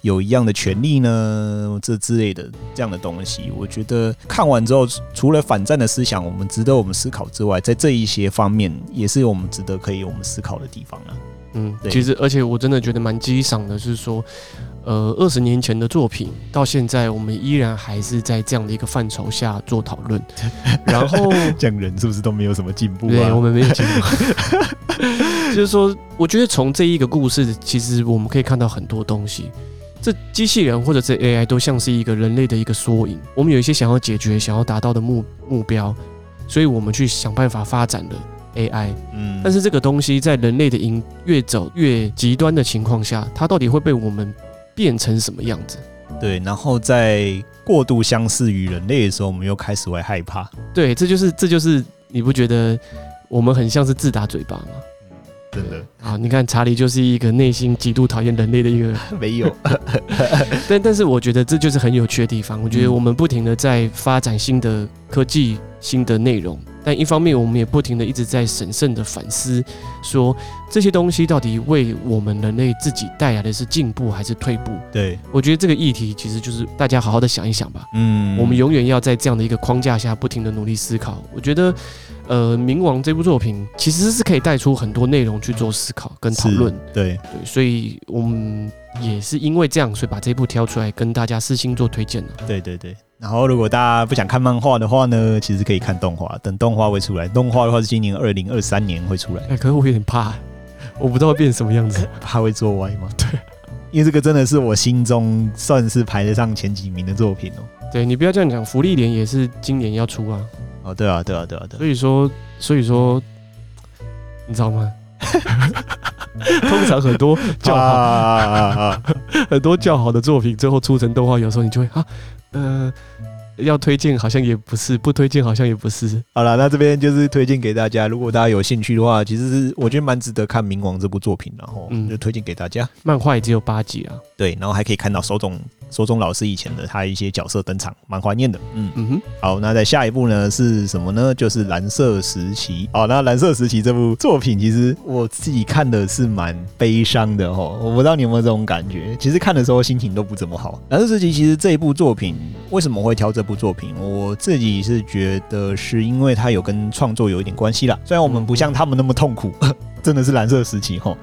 有一樣的權利呢？這之類的這樣的東西，我覺得看完之後，除了反戰的思想，我們值得我們思考之外，在這一些方面也是我們值
得可以我們思考的地方了，啊。嗯，對 其實而且我真的覺得蠻激賞的是說。呃，二十年前的作品到現在，我們依然還是在這樣的一個範疇下做討論。然後講 *laughs* 人是不是
都沒有什麼進步啊？對，我們沒有進步。
*laughs* 就是說，我覺得從這一個故事，其實我們可以看到很多東西。這機器人或者這 AI 都像是一個人類的一個縮影。我們有一些想要解決、想要達到的目目標，所以我們去想辦法發展了 AI。嗯，但是這個東西在人類的影越走越極端的情況下，它到底會被我們？變成什麼樣子？
對，然後在過度相似於人類的時候，我們又開始會害怕。
對，這就是這就是你不覺得我們很像是自打嘴巴嗎？嗯，對，不對？啊，你看查理就是一個內心極度討厭人類的一個， *laughs* 沒有， *laughs* *laughs* 但但是我覺得這就是很有趣的地方。我覺得我們不停的在發展新的科技，新的內容。但一方面，我們也不停的一直在審慎的反思，說這些東西到底為我們人類自己帶來的是進步還是退步？對，對我覺得這個議題其實就是大家好好的想一想吧。嗯，我們永遠要在這樣的一個框架下，不停的努力思考。我覺得，呃，《冥王》這部作品其實是可以帶出很多內容去做思考跟討論。對對，所以我們也是因為這樣，所以把這部挑出來跟大家私心做推薦了。對對對。然後，如果大家不想看漫
畫的話呢，其實可以看動畫。等動畫會出來，動畫的話是今年二零二三年會出來。哎、欸，可是我有點怕，我不知道會變成什麼樣子，怕會做歪嗎？對，因為這個真的是我心中算是排得上前幾名的作品哦、喔。
對你不要這樣講，芙莉蓮也是今年要出啊。哦，對啊，對啊，對啊，對啊。對啊、所以說，所以說，你知道嗎？ *laughs* 通常很多叫好、啊啊啊啊啊很多叫好的作品，最後出成動畫，有時候你就會啊，呃。要推薦好像也不是，不推薦好像也不是。
好了，那這邊就是推薦給大家，如果大家有興趣的話，其實是我覺得蠻值得看《冥王》這部作品，然後、嗯、就推薦給大家。
漫畫也只有八集啊，
對，然後還可以看到手塚手塚老師以前的他一些角色登場，蠻懷念的。嗯，嗯哼，好，那在下一部呢是什麼呢？就是《藍色時期》哦。好，那《藍色時期》這部作品，其實我自己看的是蠻悲傷的吼，我不知道你有沒有這種感覺。其實看的時候心情都不怎麼好。《藍色時期》其實這一部作品為什麼會調整？這部作品，我自己是覺得是因為他有跟創作有一點關係啦。雖然我們不像他們那麼痛苦，真的是藍色時期齁，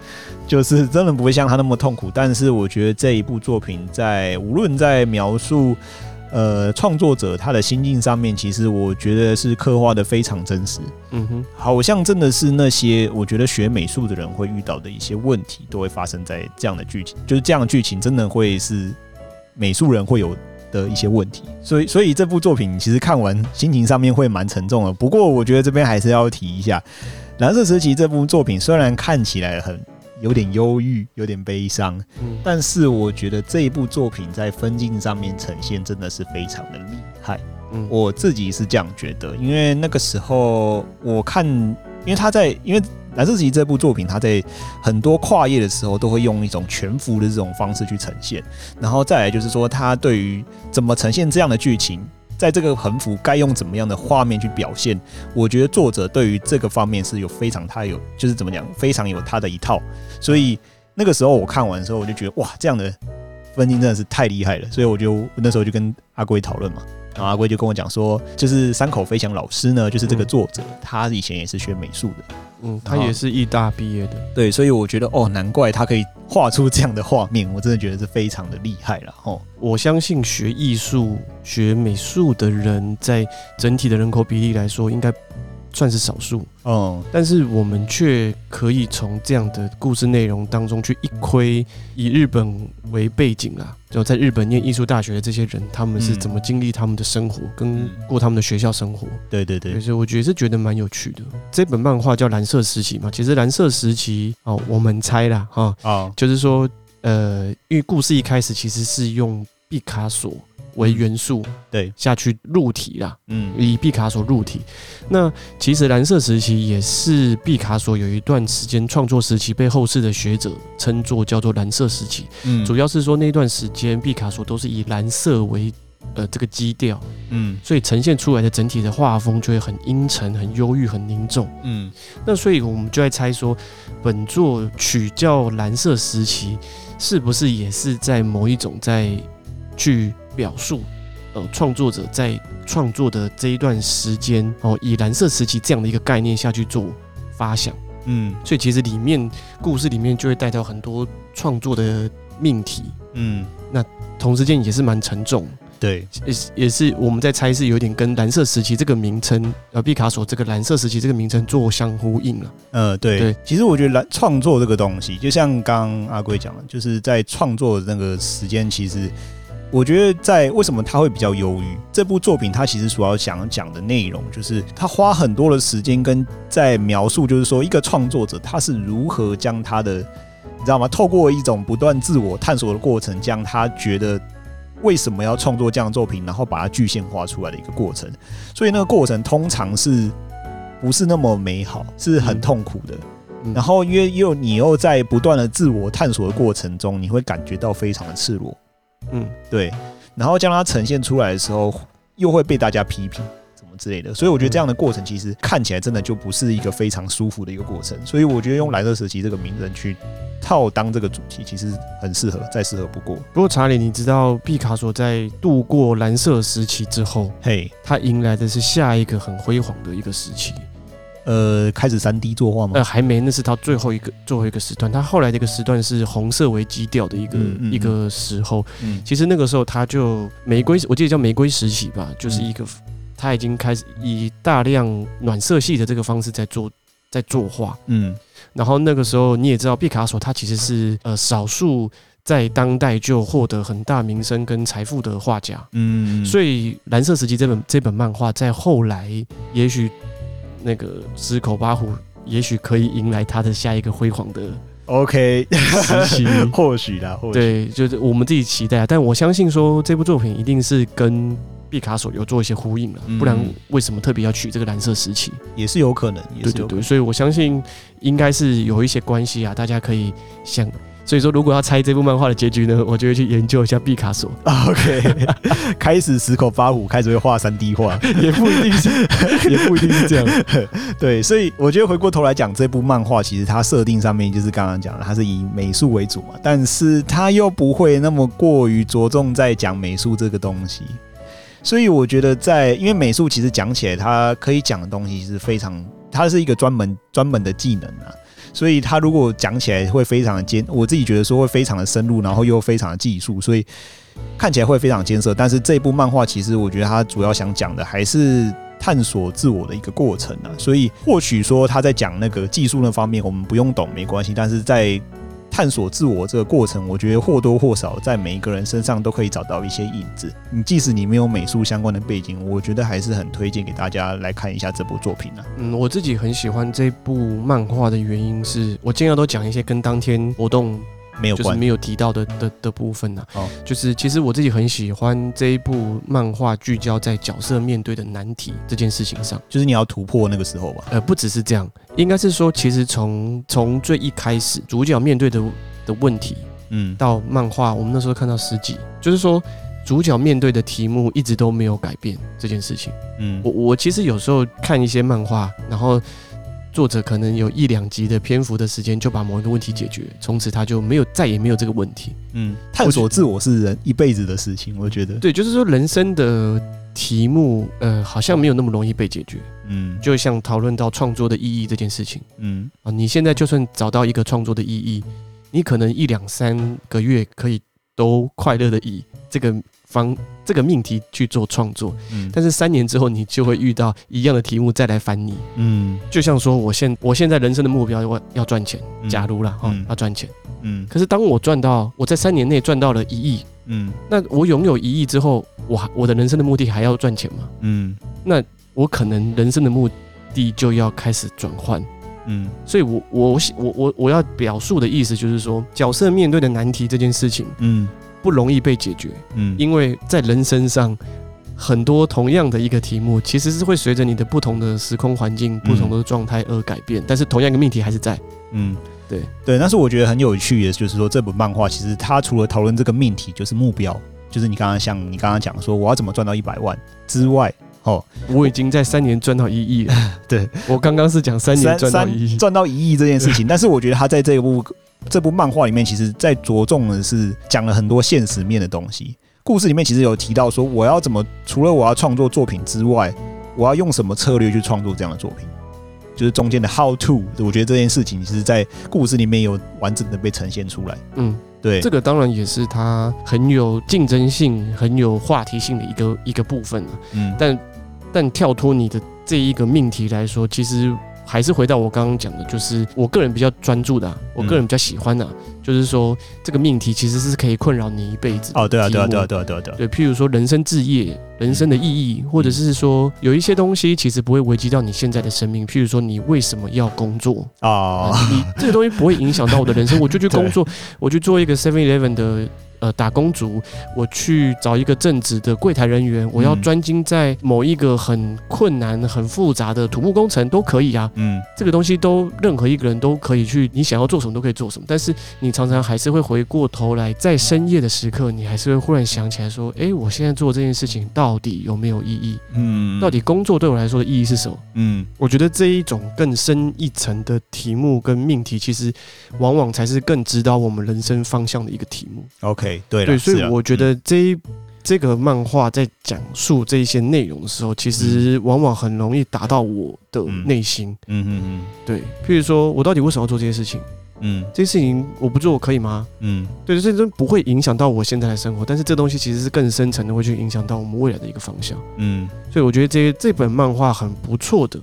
就是真的不會像他那麼痛苦。但是我覺得這一部作品在無論在描述呃創作者他的心境上面，其實我覺得是刻畫得非常真實。嗯哼，好像真的是那些我覺得學美術的人會遇到的一些問題，都會發生在這樣的劇情，就是這樣的劇情真的會是美術人會有。的一些問題，所以所以這部作品其實看完心情上面會蠻沉重的。不過我覺得這邊還是要提一下，《藍色時期》這部作品雖然看起來很有點憂鬱、有點悲傷，嗯，但是我覺得這一部作品在分鏡上面呈現真的是非常的厲害。嗯，我自己是這樣覺得，因為那個時候我看，因為他在因為。藍色時期這部作品，他在很多跨頁的時候，都會用一種全幅的這種方式去呈現。然後再來就是說，他對於怎麼呈現這樣的劇情，在這個橫幅該用怎麼樣的畫面去表現，我覺得作者對於這個方面是有非常他有，就是怎麼講，非常有他的一套。所以那個時候我看完的時候，我就覺得哇，這樣的分鏡真的是太厲害了。所以我就那時候就跟阿龜討論嘛。然後阿龜就跟我講說，就是山口飛翔老師呢，就是這個作者，嗯、他以前也是學美術的，嗯，
他也是藝大畢業的，
對，所以我覺得哦，難怪他可以畫出這樣的畫面，我真的覺得是非
常的厲害了哦。我相信學藝術、學美術的人，在整體的人口比例來說，應該。算是少數，嗯，但是我們卻可以從這樣的故事內容當中去一窺，以日本為背景啦，就在日本念藝術大學的這些人，他們是怎麼經歷他們的生活，跟過他們的學校生活。對對對，就是我覺得是覺得蠻有，有趣的。這本漫畫叫《藍色時期》嘛，其實《藍色時期》哦，我們猜啦，哈、哦、啊，哦、就是說，呃，因為故事一開始其實是用畢卡索。為元素對下去入體啦，嗯，以畢卡索入體。那其實藍色時期也是畢卡索有一段時間創作時期，被後世的學者稱作叫做藍色時期。嗯，主要是說那段時間畢卡索都是以藍色為呃這個基調，嗯，所以呈現出來的整體的畫風就會很陰沉、很憂鬱、很凝重。嗯，那所以我們就在猜說，本作取叫藍色時期，是不是也是在某一種在去，表述，呃，創作者在創作的這一段時間，哦，以藍色時期這樣的一個概念下去做發想，嗯，所以其實裡面故事裡面就會帶到很多創作的命題，嗯，那同時間也是蠻沉重，對，也是也是我們在猜是有點跟藍色時期這個名稱，呃，畢卡索這個藍色時期這個名稱做相呼應了，
呃，對，對其實我覺得藍創作這個東西，就像剛剛阿貴講了，就是在創作的那個時間其實。我覺得在為什麼他會比較憂鬱？這部作品他其實主要想講的內容，就是他花很多的時間跟在描述，就是說一個創作者他是如何將他的，你知道嗎？透過一種不斷自我探索的過程，將他覺得為什麼要創作這樣的作品，然後把它具現化出來的一個過程。所以那個過程通常是不是那麼美好，是很痛苦的。然後因為又你又在不斷的自我探索的過程中，你會感覺到非常的赤裸。嗯，對，然後將它呈現出來的時候，又會被大家批評，什麼之類的。所以我覺得這樣的過程其實看起來真的就不是一個非常舒服的一個過程。所以我覺得用藍色時期這個名人去套當這個主題，其實很適合，再適合不過。
不過查理，你知道畢卡索在度過藍色時期之後，嘿，他迎來的是下一個很輝煌的一個時期。呃，開始 3D 作畫嗎？呃，還沒，那是他最後一個最後一個時段。他後來的一個時段是紅色為基調的一個、嗯嗯、一個時候。嗯、其實那個時候他就玫瑰，哦、我記得叫玫瑰時期吧，就是一個、嗯、他已經開始以大量暖色系的這個方式在做在作畫。嗯，然後那個時候你也知道，畢卡索他其實是呃少數在當代就獲得很大名聲跟財富的畫家。嗯，所以藍色時期這本這本漫畫在後來也許。那個矢口八虎也許可以迎來他的下一個輝煌的 OK 時期 okay， *laughs* 或許啦，或許，對，就是我們自己期待啊！但我相信說這部作品一定是跟畢卡索有做一些呼應啦、啊，嗯、不然為什麼特別要取這個藍色時期？也是有可能，可能對對對，所以我相信應該是有一些關係啊，大家可以想。所以說，如果要猜這部漫畫的結局呢，我就會去研究一下畢卡索。
OK， *laughs* 啊、開始十口發虎，開始會畫三 D 畫， *laughs* 也不一定是， *laughs* 也不一定是這樣。 *laughs* 對，所以我覺得回過頭來講，這部漫畫其實它設定上面就是剛剛講了，它是以美術為主嘛，但是它又不會那麼過於着重在講美術這個東西。所以我覺得在，在因為美術其實講起來，它可以講的東西是非常，它是一個專門專門的技能啊。所以他如果講起來會非常的艱，我自己覺得說會非常的深入，然後又非常的技術，所以看起來會非常艱澀。但是這部漫畫其實我覺得他主要想講的還是探索自我的一個過程啊。所以或許說他在講那個技術那方面，我們不用懂沒關係，但是在。探索自我這個過程，我覺得或多或少在每一個人身上都可以找到一些影子。你即使你沒有美術相關的背景，我覺得還是很推薦給大家來看一下這部作品呢、啊。
嗯，我自己很喜歡這部漫畫的原因是，我盡量都講一些跟當天活動。沒有，就是沒有提到的的的部分呢、啊，哦，就是其實我自己很喜歡這一部漫畫聚焦在角色面對的難題這件事情上，就是你要突破那個時候吧。呃，不只是這樣，應該是說，其實從從最一開始主角面對的的問題，嗯，到漫畫我們那時候看到十集，就是說主角面對的題目一直都沒有改變這件事情。嗯，我我其實有時候看一些漫畫，然後。作者可能有一兩集的篇幅的時間，就把某一個問題解決，從此他就沒有，再也沒有這個問題。嗯，探索自我
是人我一輩子的事情，我覺得
對，就是說人生的題目，呃，好像沒有那麼容易被解決。嗯，就像討論到創作的意義這件事情，嗯啊，你現在就算找到一個創作的意義，你可能一兩三個月可以都快樂的意義，這個。方這個命題去做創作，嗯、但是三年之後你就會遇到一樣的題目再來煩你，嗯，就像說，我現我現在人生的目標要賺錢，嗯、假如了哈、嗯哦，要賺錢，嗯，可是當我賺到我在三年內賺到了一億，嗯，那我擁有一億之後，我，我的人生的目的還要賺錢嗎？嗯，那我可能人生的目的就要開始轉換，嗯，所以我我我我我要表述的意思就是說，角色面對的難題這件事情，嗯。不容易被解決，嗯，因為在人身上，很多同樣的一個題目，其實是會隨着你的不同的時空環境、不同的狀態而改變。嗯、但是，同樣一個命題還是在，
嗯，對，對，對。但是我覺得很有趣的就是說，這本漫畫其實它除了討論這個命題，就是目標，就是你剛剛像你剛剛講說，我要怎麼賺到一百萬之外，哦，
我已經在三年賺到一億了。 *laughs* 對，我剛剛是講三年賺到一億，賺
到一億這件事情。對 但是我覺得它在這一部。 *laughs* 這部漫畫裡面，其實，在着重的是講了很多現實面的東西。故事裡面其實有提到說，我要怎麼除了我要創作作品之外，我要用什麼策略去創作這樣的作品，就是中間的 “how to”。我覺得這件事情其實在故事裡面有完整的被呈現出來。嗯，
對，這個當然也是它很有競爭性、很有話題性的一個一個部分啊。嗯，但但跳脫你的這一個命題來說，其實。還是回到我剛剛講的，就是我個人比較專注的、啊，我個人比較喜歡的、啊，嗯、就是說這個命題其實是可以困擾你一輩子。哦，對啊，對啊，對啊，對啊對啊對啊對，譬如說人生置業、人生的意義，嗯、或者是說有一些東西其實不會危及到你現在的生命，譬如說你為什麼要工作啊？哦、你這個東西不會影響到我的人生，哦、我就去工作，對，我就做一個 Seven Eleven 的。呃，打工族，我去找一個正職的櫃台人員，嗯、我要專精在某一個很困難、很複雜的土木工程都可以啊。嗯，這個東西都任何一個人都可以去，你想要做什麼都可以做什麼。但是你常常還是會回過頭來，在深夜的時刻，你還是會忽然想起來說：“哎、欸，我現在做這件事情到底有沒有意義？嗯，到底工作對我來說的意義是什麼？”嗯，我覺得這一種更深一層的題目跟命題，其實往往才是更指導我們人生方向的一個題目。OK。對對，所以我覺得這一、嗯、這個漫畫在講述這一些內容的時候，其實往往很容易打到我的內心。嗯嗯嗯，嗯嗯嗯對，譬如說我到底為什麼要做這些事情？嗯，這些事情我不做可以嗎？嗯，對，所以這不會影響到我現在的生活，但是這東西其實是更深層的，會去影響到我們未來的一個方向。嗯，所以我覺得這這本漫畫很不錯的，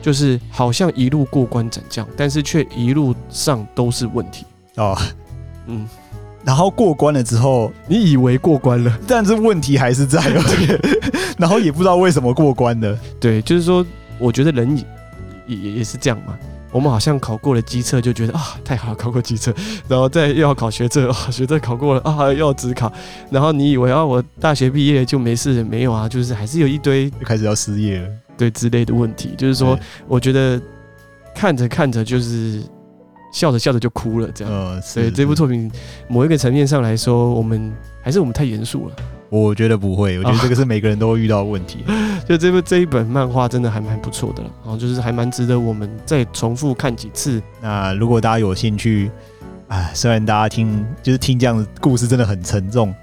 就是好像一路過關斬將，但是卻一路上都是問題啊。哦、嗯。然後過關了之後，你
以為過關了，但是問題還是在，哦。 *laughs* 對
然後也不知道為什麼過關了，對，就是說，我覺得人也也也是這樣嘛。我們好像考過了基測，就覺得啊、哦，太好了，考過基測，然後再又要考學測，哦、學測考過了啊，又要指考，然後你以為啊，我大學畢業就沒事也沒有啊？就是還是有一堆就
開始要失業
了，對之類的問題。就是說，對我覺得看着看着就是。笑着笑着就哭了，這樣。呃、嗯，所以這部作品，某一個層面上來說，我們還是我們太嚴肅了。
我覺得不會，我覺得這個是每個人都會遇到的問題。
哦、 *laughs* 就這部這一本漫畫真的還蠻不錯的，然後、哦、就是還蠻值得我們再重複看幾次。那
如果大家有興趣，哎，雖然大家聽就是聽這樣的故事真的很沉重，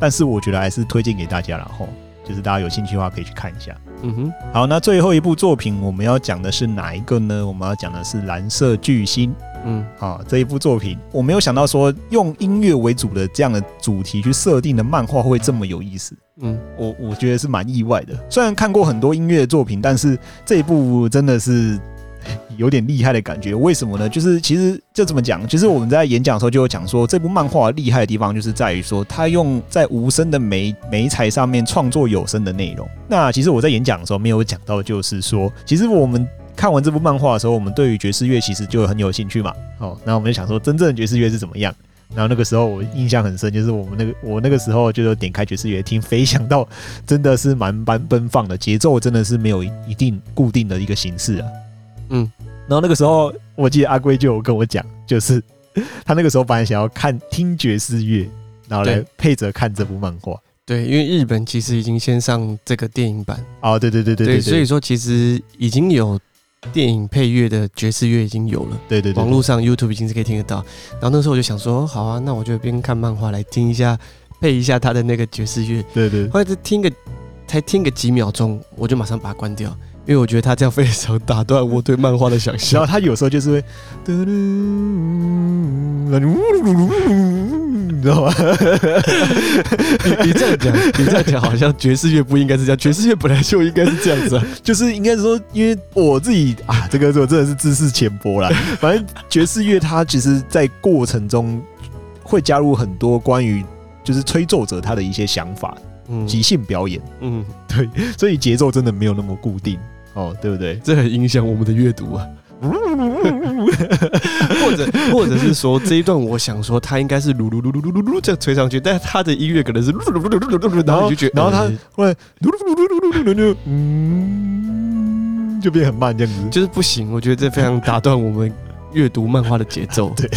但是我覺得還是推薦給大家。然後就是大家有興趣的話，可以去看一下。嗯哼。好，那最後一部作品我們要講的是哪一個呢？我們要講的是《藍色巨星》。嗯，好、啊，這一部作品我沒有想到說用音樂為主的這樣的主題去設定的漫畫會這麼有意思。嗯，我，我我覺得是蠻意外的。雖然看過很多音樂的作品，但是這一部真的是有點厲害的感覺。為什麼呢？就是其實就這麼講，就是我們在演講的時候就有講說，這部漫畫厲害的地方就是在於說，他用在無聲的媒媒材上面創作有聲的內容。那其實我在演講的時候沒有講到，就是說，其實我們。看完這部漫畫的時候，我們對於爵士樂其實就很有興趣嘛。哦，然後我們就想說，真正的爵士樂是怎麼樣？然後那個時候我印象很深，就是我們那個我那個時候就有點開爵士樂聽，沒想到真的是蠻般奔放的，節奏真的是沒有一定固定的一個形式啊。嗯，然後那個時候我記得阿龜就有跟我講，就是他那個時候本來想要看聽爵士樂，然後來配着看這部漫畫。
對，因為日本其實已經先上這個電影版啊、哦。對對對對對,對,對。對，所以說其實已經有。電影配樂的爵士樂已經有了，對對對，網絡上 YouTube 已經是可以聽得到。然後那時候我就想說，好啊，那我就邊看漫畫來聽一下，配一下他的那個爵士樂。對對，後來再聽個，才聽個幾秒鐘，我就馬上把它關掉，因為我覺得它這樣非常打斷我對漫畫的想象。然後它有時候
就是會，
知道嗎？你 No *laughs* 你這樣講，你這樣講好像爵士樂不應該是這樣，爵士樂本來就應該是這樣子啊，
就是應該是說，因為我自己啊，這個我真的是知識淺薄了。反正爵士樂它其實，在過程中會加入很多關於就是吹奏者他的一些想法，嗯，即興表演，嗯，對，所以節奏真的沒有那麼固
定，哦，對不對？這很影響我們的閱讀啊。或者，或者是說這一段，我想說，他應該是嚕嚕嚕嚕嚕嚕嚕，這樣吹上去，但是他的音樂可能是嚕嚕嚕嚕嚕嚕，然後就覺然後他會嚕嚕嚕嚕嚕嚕，嗯，就變很慢這樣子，就是不行。我覺得這非常打斷我們閱讀漫畫的節奏。 *laughs* 對。 *laughs*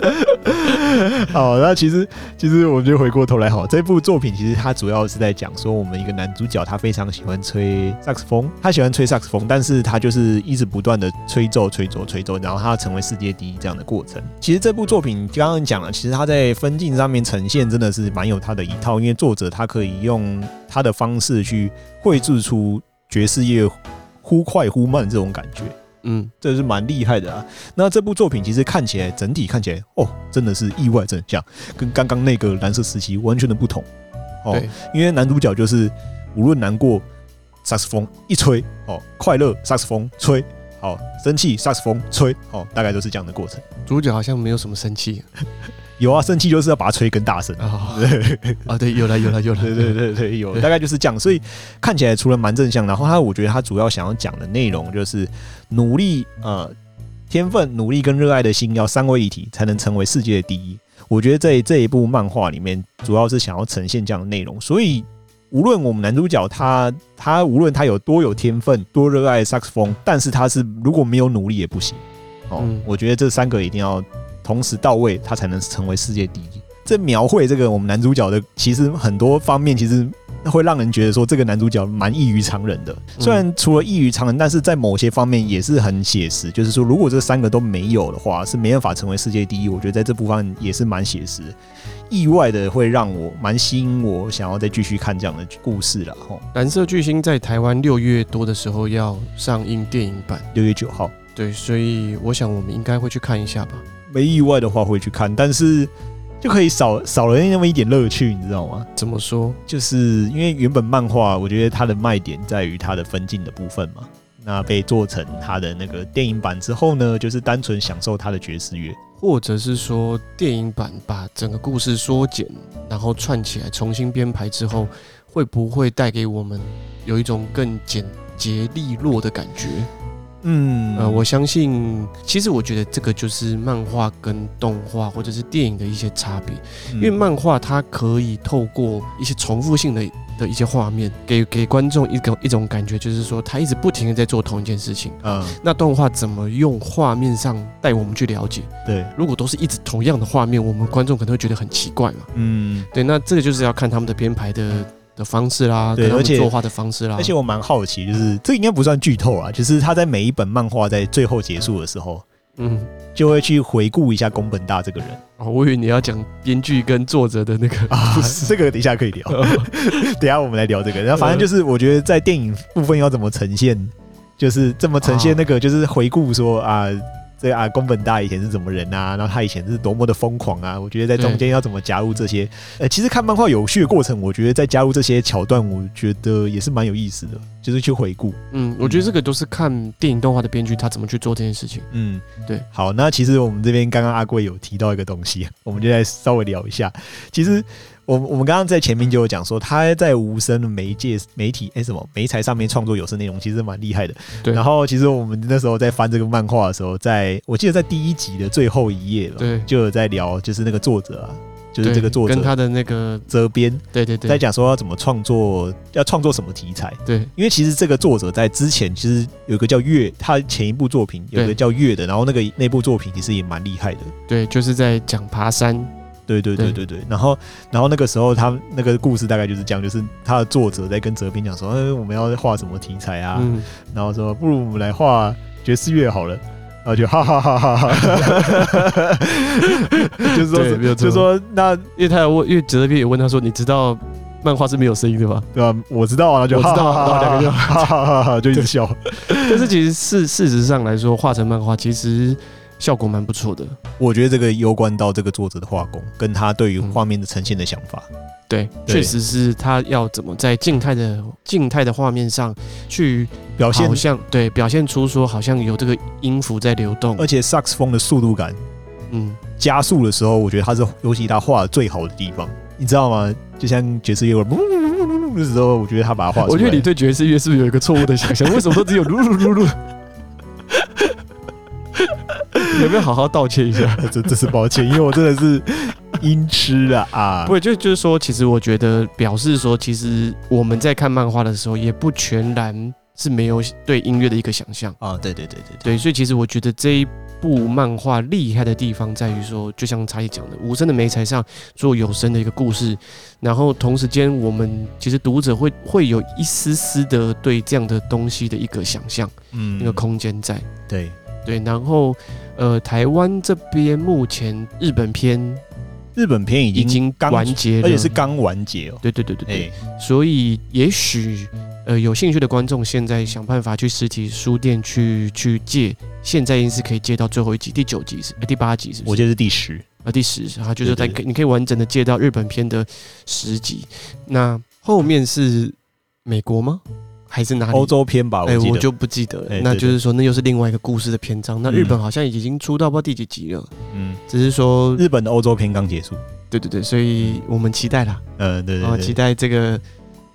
*laughs* 好，那
其實其實，我們就回過頭來，好，這部作品其實它主要是在講說，我們一個男主角他非常喜歡吹薩克斯風，他喜歡吹薩克斯風，但是他就是一直不斷的吹奏、吹奏、吹奏，然後他成為世界第一這樣的過程。其實這部作品就剛剛講了，其實他在分鏡上面呈現真的是蠻有他的一套，因為作者他可以用他的方式去繪製出爵士樂忽快忽慢這種感覺。嗯，這是蠻厲害的啊。那這部作品其實看起來整體看起來，哦，真的是意外真相，跟剛剛那個藍色時期完全的不同哦。對 因為男主角就是無論難過，薩克斯風一吹哦，快樂薩克斯風吹哦，生氣薩克斯風吹哦，大概都是這樣的過程。主角好像沒有什麼生氣。 *laughs* 有啊，生氣就是要把它吹更大聲。啊，對，有了有了有了，對對對有。對，大概就是這樣，所以看起來除了蠻正向，然後他我覺得他主要想要講的內容就是努力呃、天分、努力跟熱愛的心要三位一體，才能成為世界第一。我覺得這這一部漫畫裡面主要是想要呈現這樣的內容，所以無論我們男主角他他無論他有多有天分，多熱愛薩克斯風，但是他是如果沒有努力也不行。哦，嗯。我覺得這三個一定要。同時到位，他才能成為世界第一。這描繪這個我們男主角的，其實很多方面其實會讓人覺得說這個男主角蠻異於常人的。雖然除了異於常人，但是在某些方面也是很寫實。就是說，如果這三個都沒有的話，是沒辦法成為世界第一。我覺得在這部分也是蠻寫實，意外的會讓我蠻吸引我，想要再繼續看這樣的故事了。吼，
藍色巨星在台灣六月多的時候要上映電影版，六月九號。對，所以我想我們應該會去看一下吧。
沒意外的話會去看，但是就可以少少了那麼一點樂趣，你知道嗎？怎麼說？就是因為原本漫畫，我覺得它的賣點在於它的分鏡的部分嘛。那被做成它的那個電影版之
後呢，就是單純享受它的爵士樂，或者是說電影版把整個故事縮減，然後串起來重新編排之後，會不會帶給我們有一種更簡潔利落的感覺？嗯呃，我相信，其實我覺得這個就是漫畫跟動畫或者是電影的一些差別，因為漫畫它可以透過一些重複性的一些畫面，給給觀眾一個一種感覺，就是說他一直不停的在做同一件事情。嗯，那動畫怎麼用畫面上帶我們去了解？對，如果都是一直同樣的畫面，我們觀眾可能會覺得很奇怪嘛。嗯，對，那這個就是要看他們的編排的。的方式啦，對，他而且作畫的方式啦，而
且我蠻好奇，就是這應該不算劇透啊，就是他在每一本漫畫在最後結束的時候，嗯，就會去回顧一下宮本大這個人。
啊、我以為你要講編
劇跟作者的那個，啊、 *laughs* 這個等一下可以聊， *laughs* 等一下我們來聊這個。然後反正就是我覺得在電影部分要怎麼呈現，就是怎麼呈現那個，就是回顧說啊。啊所以，啊，宮本大以前是什麼人啊？然後他以前是多麼的瘋狂啊！我覺得在中間要怎
麼加入這些？
對呃，其實看漫畫有趣的過程，我覺得再加入這些橋段，我覺得也是蠻有意思的，就是去回顧。嗯，我覺
得這個都是看電影動畫的編劇他怎麼去做這件事
情。嗯，對。好，那其實我們這邊剛剛阿龜有提到一個東西，我們就來稍微聊一下。其實。我我們剛剛在前面就有講說，他在無聲的媒介媒體哎、欸、什麼媒材上面創作有聲內容，其實蠻厲害的。對。然後其實我們那時候在翻這個漫畫的時候，在我記得在第一集的最後一頁了，對，就有在聊就是那個作者啊，就是這個作者跟他的那個責編，邊對對對，在講說要怎麼創作，要創作什麼題材。對，因為其實這個作者在之前其實有一個叫岳，他前一部作品有個叫岳的，對然後那個那部作品其實也蠻厲害的。對，就是在講爬山。對對對對對，然後然後那個時候他那個故事大概就是這樣，就是他的作者在跟責編講說，哎，我們要畫什麼題材啊？然後說不如我們來畫爵士樂好了。然後就哈哈哈哈哈哈，
就是說，就是說那因為他有問，因為責編也問他說，你知道漫畫是沒有聲音的嗎？對吧？我知道啊，我知道啊，然後兩個就哈哈就一直笑。但是其實是事實上來說，畫成漫畫其
實。效果蠻不錯的，我覺得這個攸關到這個作者的畫工，跟他對於畫面的呈現的想法。
對，確實是他要怎麼在靜態的靜態的畫面上去表現，好像對表現出說好像有這個音符在流動，而
且 sax 風的速度感，嗯，加速的時候，我覺得他是尤其他畫的最好的地方，你知道嗎？就像爵士樂，嗚嗚的時候，我覺得他把它畫，我覺得你
對爵士樂是不是有一個錯誤的想象？為什麼都只有嗚嗚嗚嗚？
有沒有好好道歉一下？真真是抱歉，因為我真的是音痴
啊。啊！ *laughs* 不會，就就是說，其實我覺得表示說，其實我們在看漫畫的時候，也不全然是沒有對音樂的一個想象啊、哦。對對對對對，對，對，所以其實我覺得這一部漫畫厲害的地方在於說，就像查理講的，無聲的媒材上做有聲的一個故事，然後同時間我們其實讀者會會有一絲絲的對這樣的東西的一個想象，嗯，那個空間在對對，然後。呃，台灣這邊目前日本篇，日本篇已經已經完結，而且是剛完結哦。對對對對,對、欸、所以也許呃有興趣的觀眾現在想辦法去實體書店去去借，現在已經是可以借到最後一集，第九集是，呃、第八集是,是？我覺得是第十啊，第十啊，就是在你可以完整的借到日本篇的十集，對對對。那後面是美國嗎？還是哪裡歐洲篇吧？哎、欸，我就不記得、欸、那就是說，那又是另外一個故事的篇章。嗯、那日本好像已經出到不知道第幾集了。嗯，只是說日本的歐洲篇剛結束。對對對，所以我們期待啦。嗯、呃，對對，對，期待這個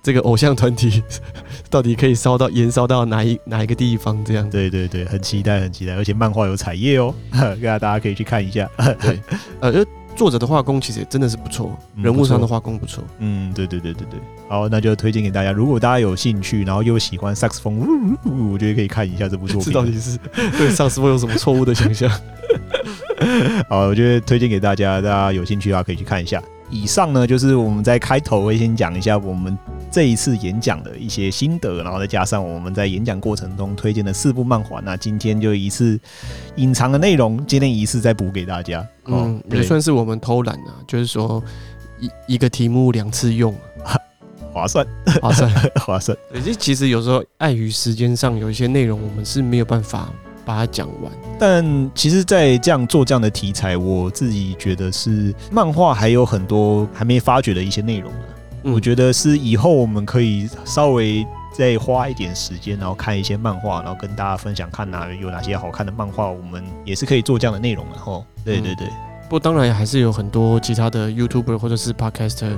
這個偶像團體 *laughs* 到底可以燒到延燒到哪一哪一個地方？這樣。對對對，很期待，很期待，而且漫
畫有彩頁哦，大家大家可以去看一下。對 *laughs* 呃。作者的畫工其實也真的是不錯，人物上的畫工不錯、嗯、不錯。嗯，對對對對對，好，那就推薦給大家。如果大家有興趣，然後又喜歡薩克斯風，我覺得可以看一下這部作品。這到底是對薩克斯風有什麼錯誤的想象？ *laughs* 好，我覺得推薦給大家，大家有興趣的話可以去看一下。以上呢，就是我們在開頭會先講一下我們這一次演講的一些心得，然後再加上我們在演講過程中推薦的四部漫畫。那今天就一次
隱藏的內容，今天一次再補給大家。哦、嗯，也算是我們偷懶啊，對就是說一一個題目兩次用、啊，划算，划算，划算。其實有時候礙於時間上，有一些內容我們是沒有辦法。把它講完，
但其實，在這樣做這樣的題材，我自己覺得是漫畫還有很多還沒發掘的一些內容啊。嗯、我覺得是以後我們可以稍微再花一點時間，然後看一些漫畫，然後跟大家分享看哪有哪些好看的漫畫，我們也是可以做這樣的內容的、啊、哈。對對對、
嗯，不過當然還是有很多其他的 YouTuber 或者是 Podcast，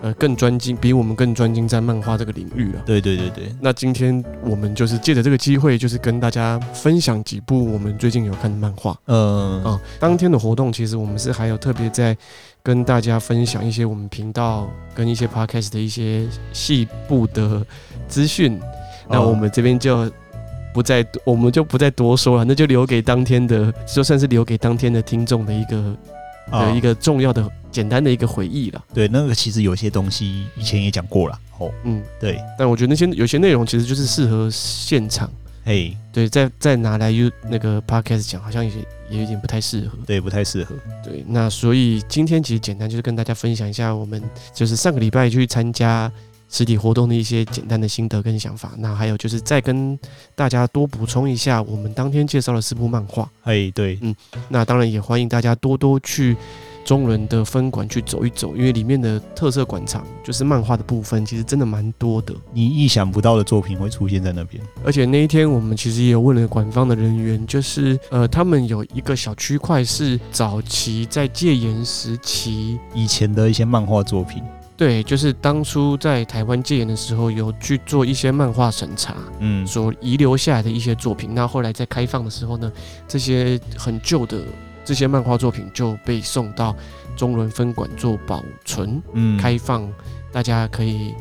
呃，更專精比我們更專精在漫畫這個領域啊。對對對對。那今天我們就是借着這個機會，就是跟大家分享幾部我們最近有看的漫畫。嗯啊、嗯，當天的活動其實我們是還有特別在跟大家分享一些我們頻道跟一些 podcast 的一些細部的資訊。嗯、那我們這邊就不再我們就不再多說了，那就留給當天的，就算是留給當天的聽眾的一個。的一個重要的、簡單的一個回憶了，哦。對，那個其實有些東西以前也講過了。哦，嗯，對。但我覺得那些有些內容其實就是適合現場。嘿，對，再再拿來用那個 podcast 講，好像也也有點不太適合。對，不太適合。對，那所以今天其實簡單就是跟大家分享一下，我們就是上個禮拜去參加實體活動的一些簡單的心得跟想法，那還有就是再跟大家多補充一下，我們當天介紹了四部漫畫。哎，對，嗯，那當然也歡迎大家多多去中崙的分館去走一走，因為裡面的特色館藏就是漫畫的部分，其實真的蠻多的，你意想
不到的作品會出現在那邊。
而且那一天我們其實也有問了館方的人員，就是呃，他們有一個小區塊是早期在戒嚴時期以
前的一些漫畫作品。
對，就是當初在台灣戒嚴的時候，有去做一些漫畫審查，嗯，所遺留下來的一些作品。那、嗯、後，後來在開放的時候呢，這些很舊的這些漫畫作品就被送到中崙分館做保存，嗯，開放，大家可以，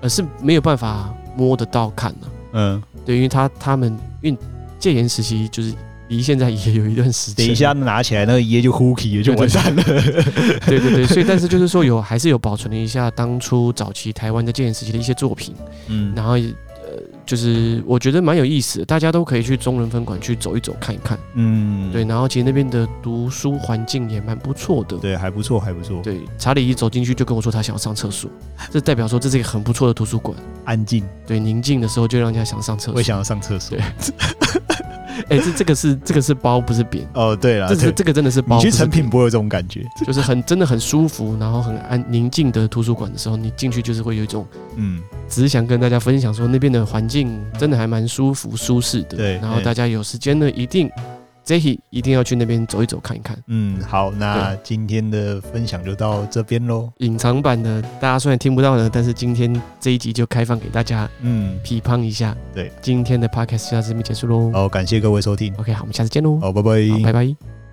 呃，是沒有辦法摸得到看的，嗯，對，因為他他們因為戒嚴時期就是。離現在也有一段時間，等一下拿起來那個煙就呼起，就完蛋了。對對對，對，所以但是就是說有還是有保存了一下當初早期台灣的戒嚴時期的一些作品，嗯，然後呃，就是我覺得蠻有意思的，大家都可以去中崙分館去走一走看一看，嗯，對，然後其實那邊的讀書環境也蠻不錯的，對，還不錯，還不錯。對，查理一走進去就跟我說他想要上廁所，這代表說這是一個很不錯的圖書館，安靜，對，寧靜的時候就讓人家想上廁所，不我也想要上廁所。哎、欸，這這個是這個是褒，不是貶哦，對了，這這個真的是褒是。其實成品不會有這種感覺，就是很真的很舒服，然後很安寧靜的圖書館的時候，你進去就是會有一種嗯，只是想跟大家分享說那邊的環境真的還蠻舒服舒適的。嗯、對，然後大家有時間呢，對一定。JAY 一,一定要去那邊走一走看一看。嗯，好，那今天的分享就到這邊嘍對。隱藏版的大家雖然聽不到呢，但是今天這一集就開放給大家，嗯，批判一下。對了，今天的 Podcast 就到這邊結束嘍。好，
感謝各位收聽。
OK，好，我們下次見嘍。好，拜拜，拜拜。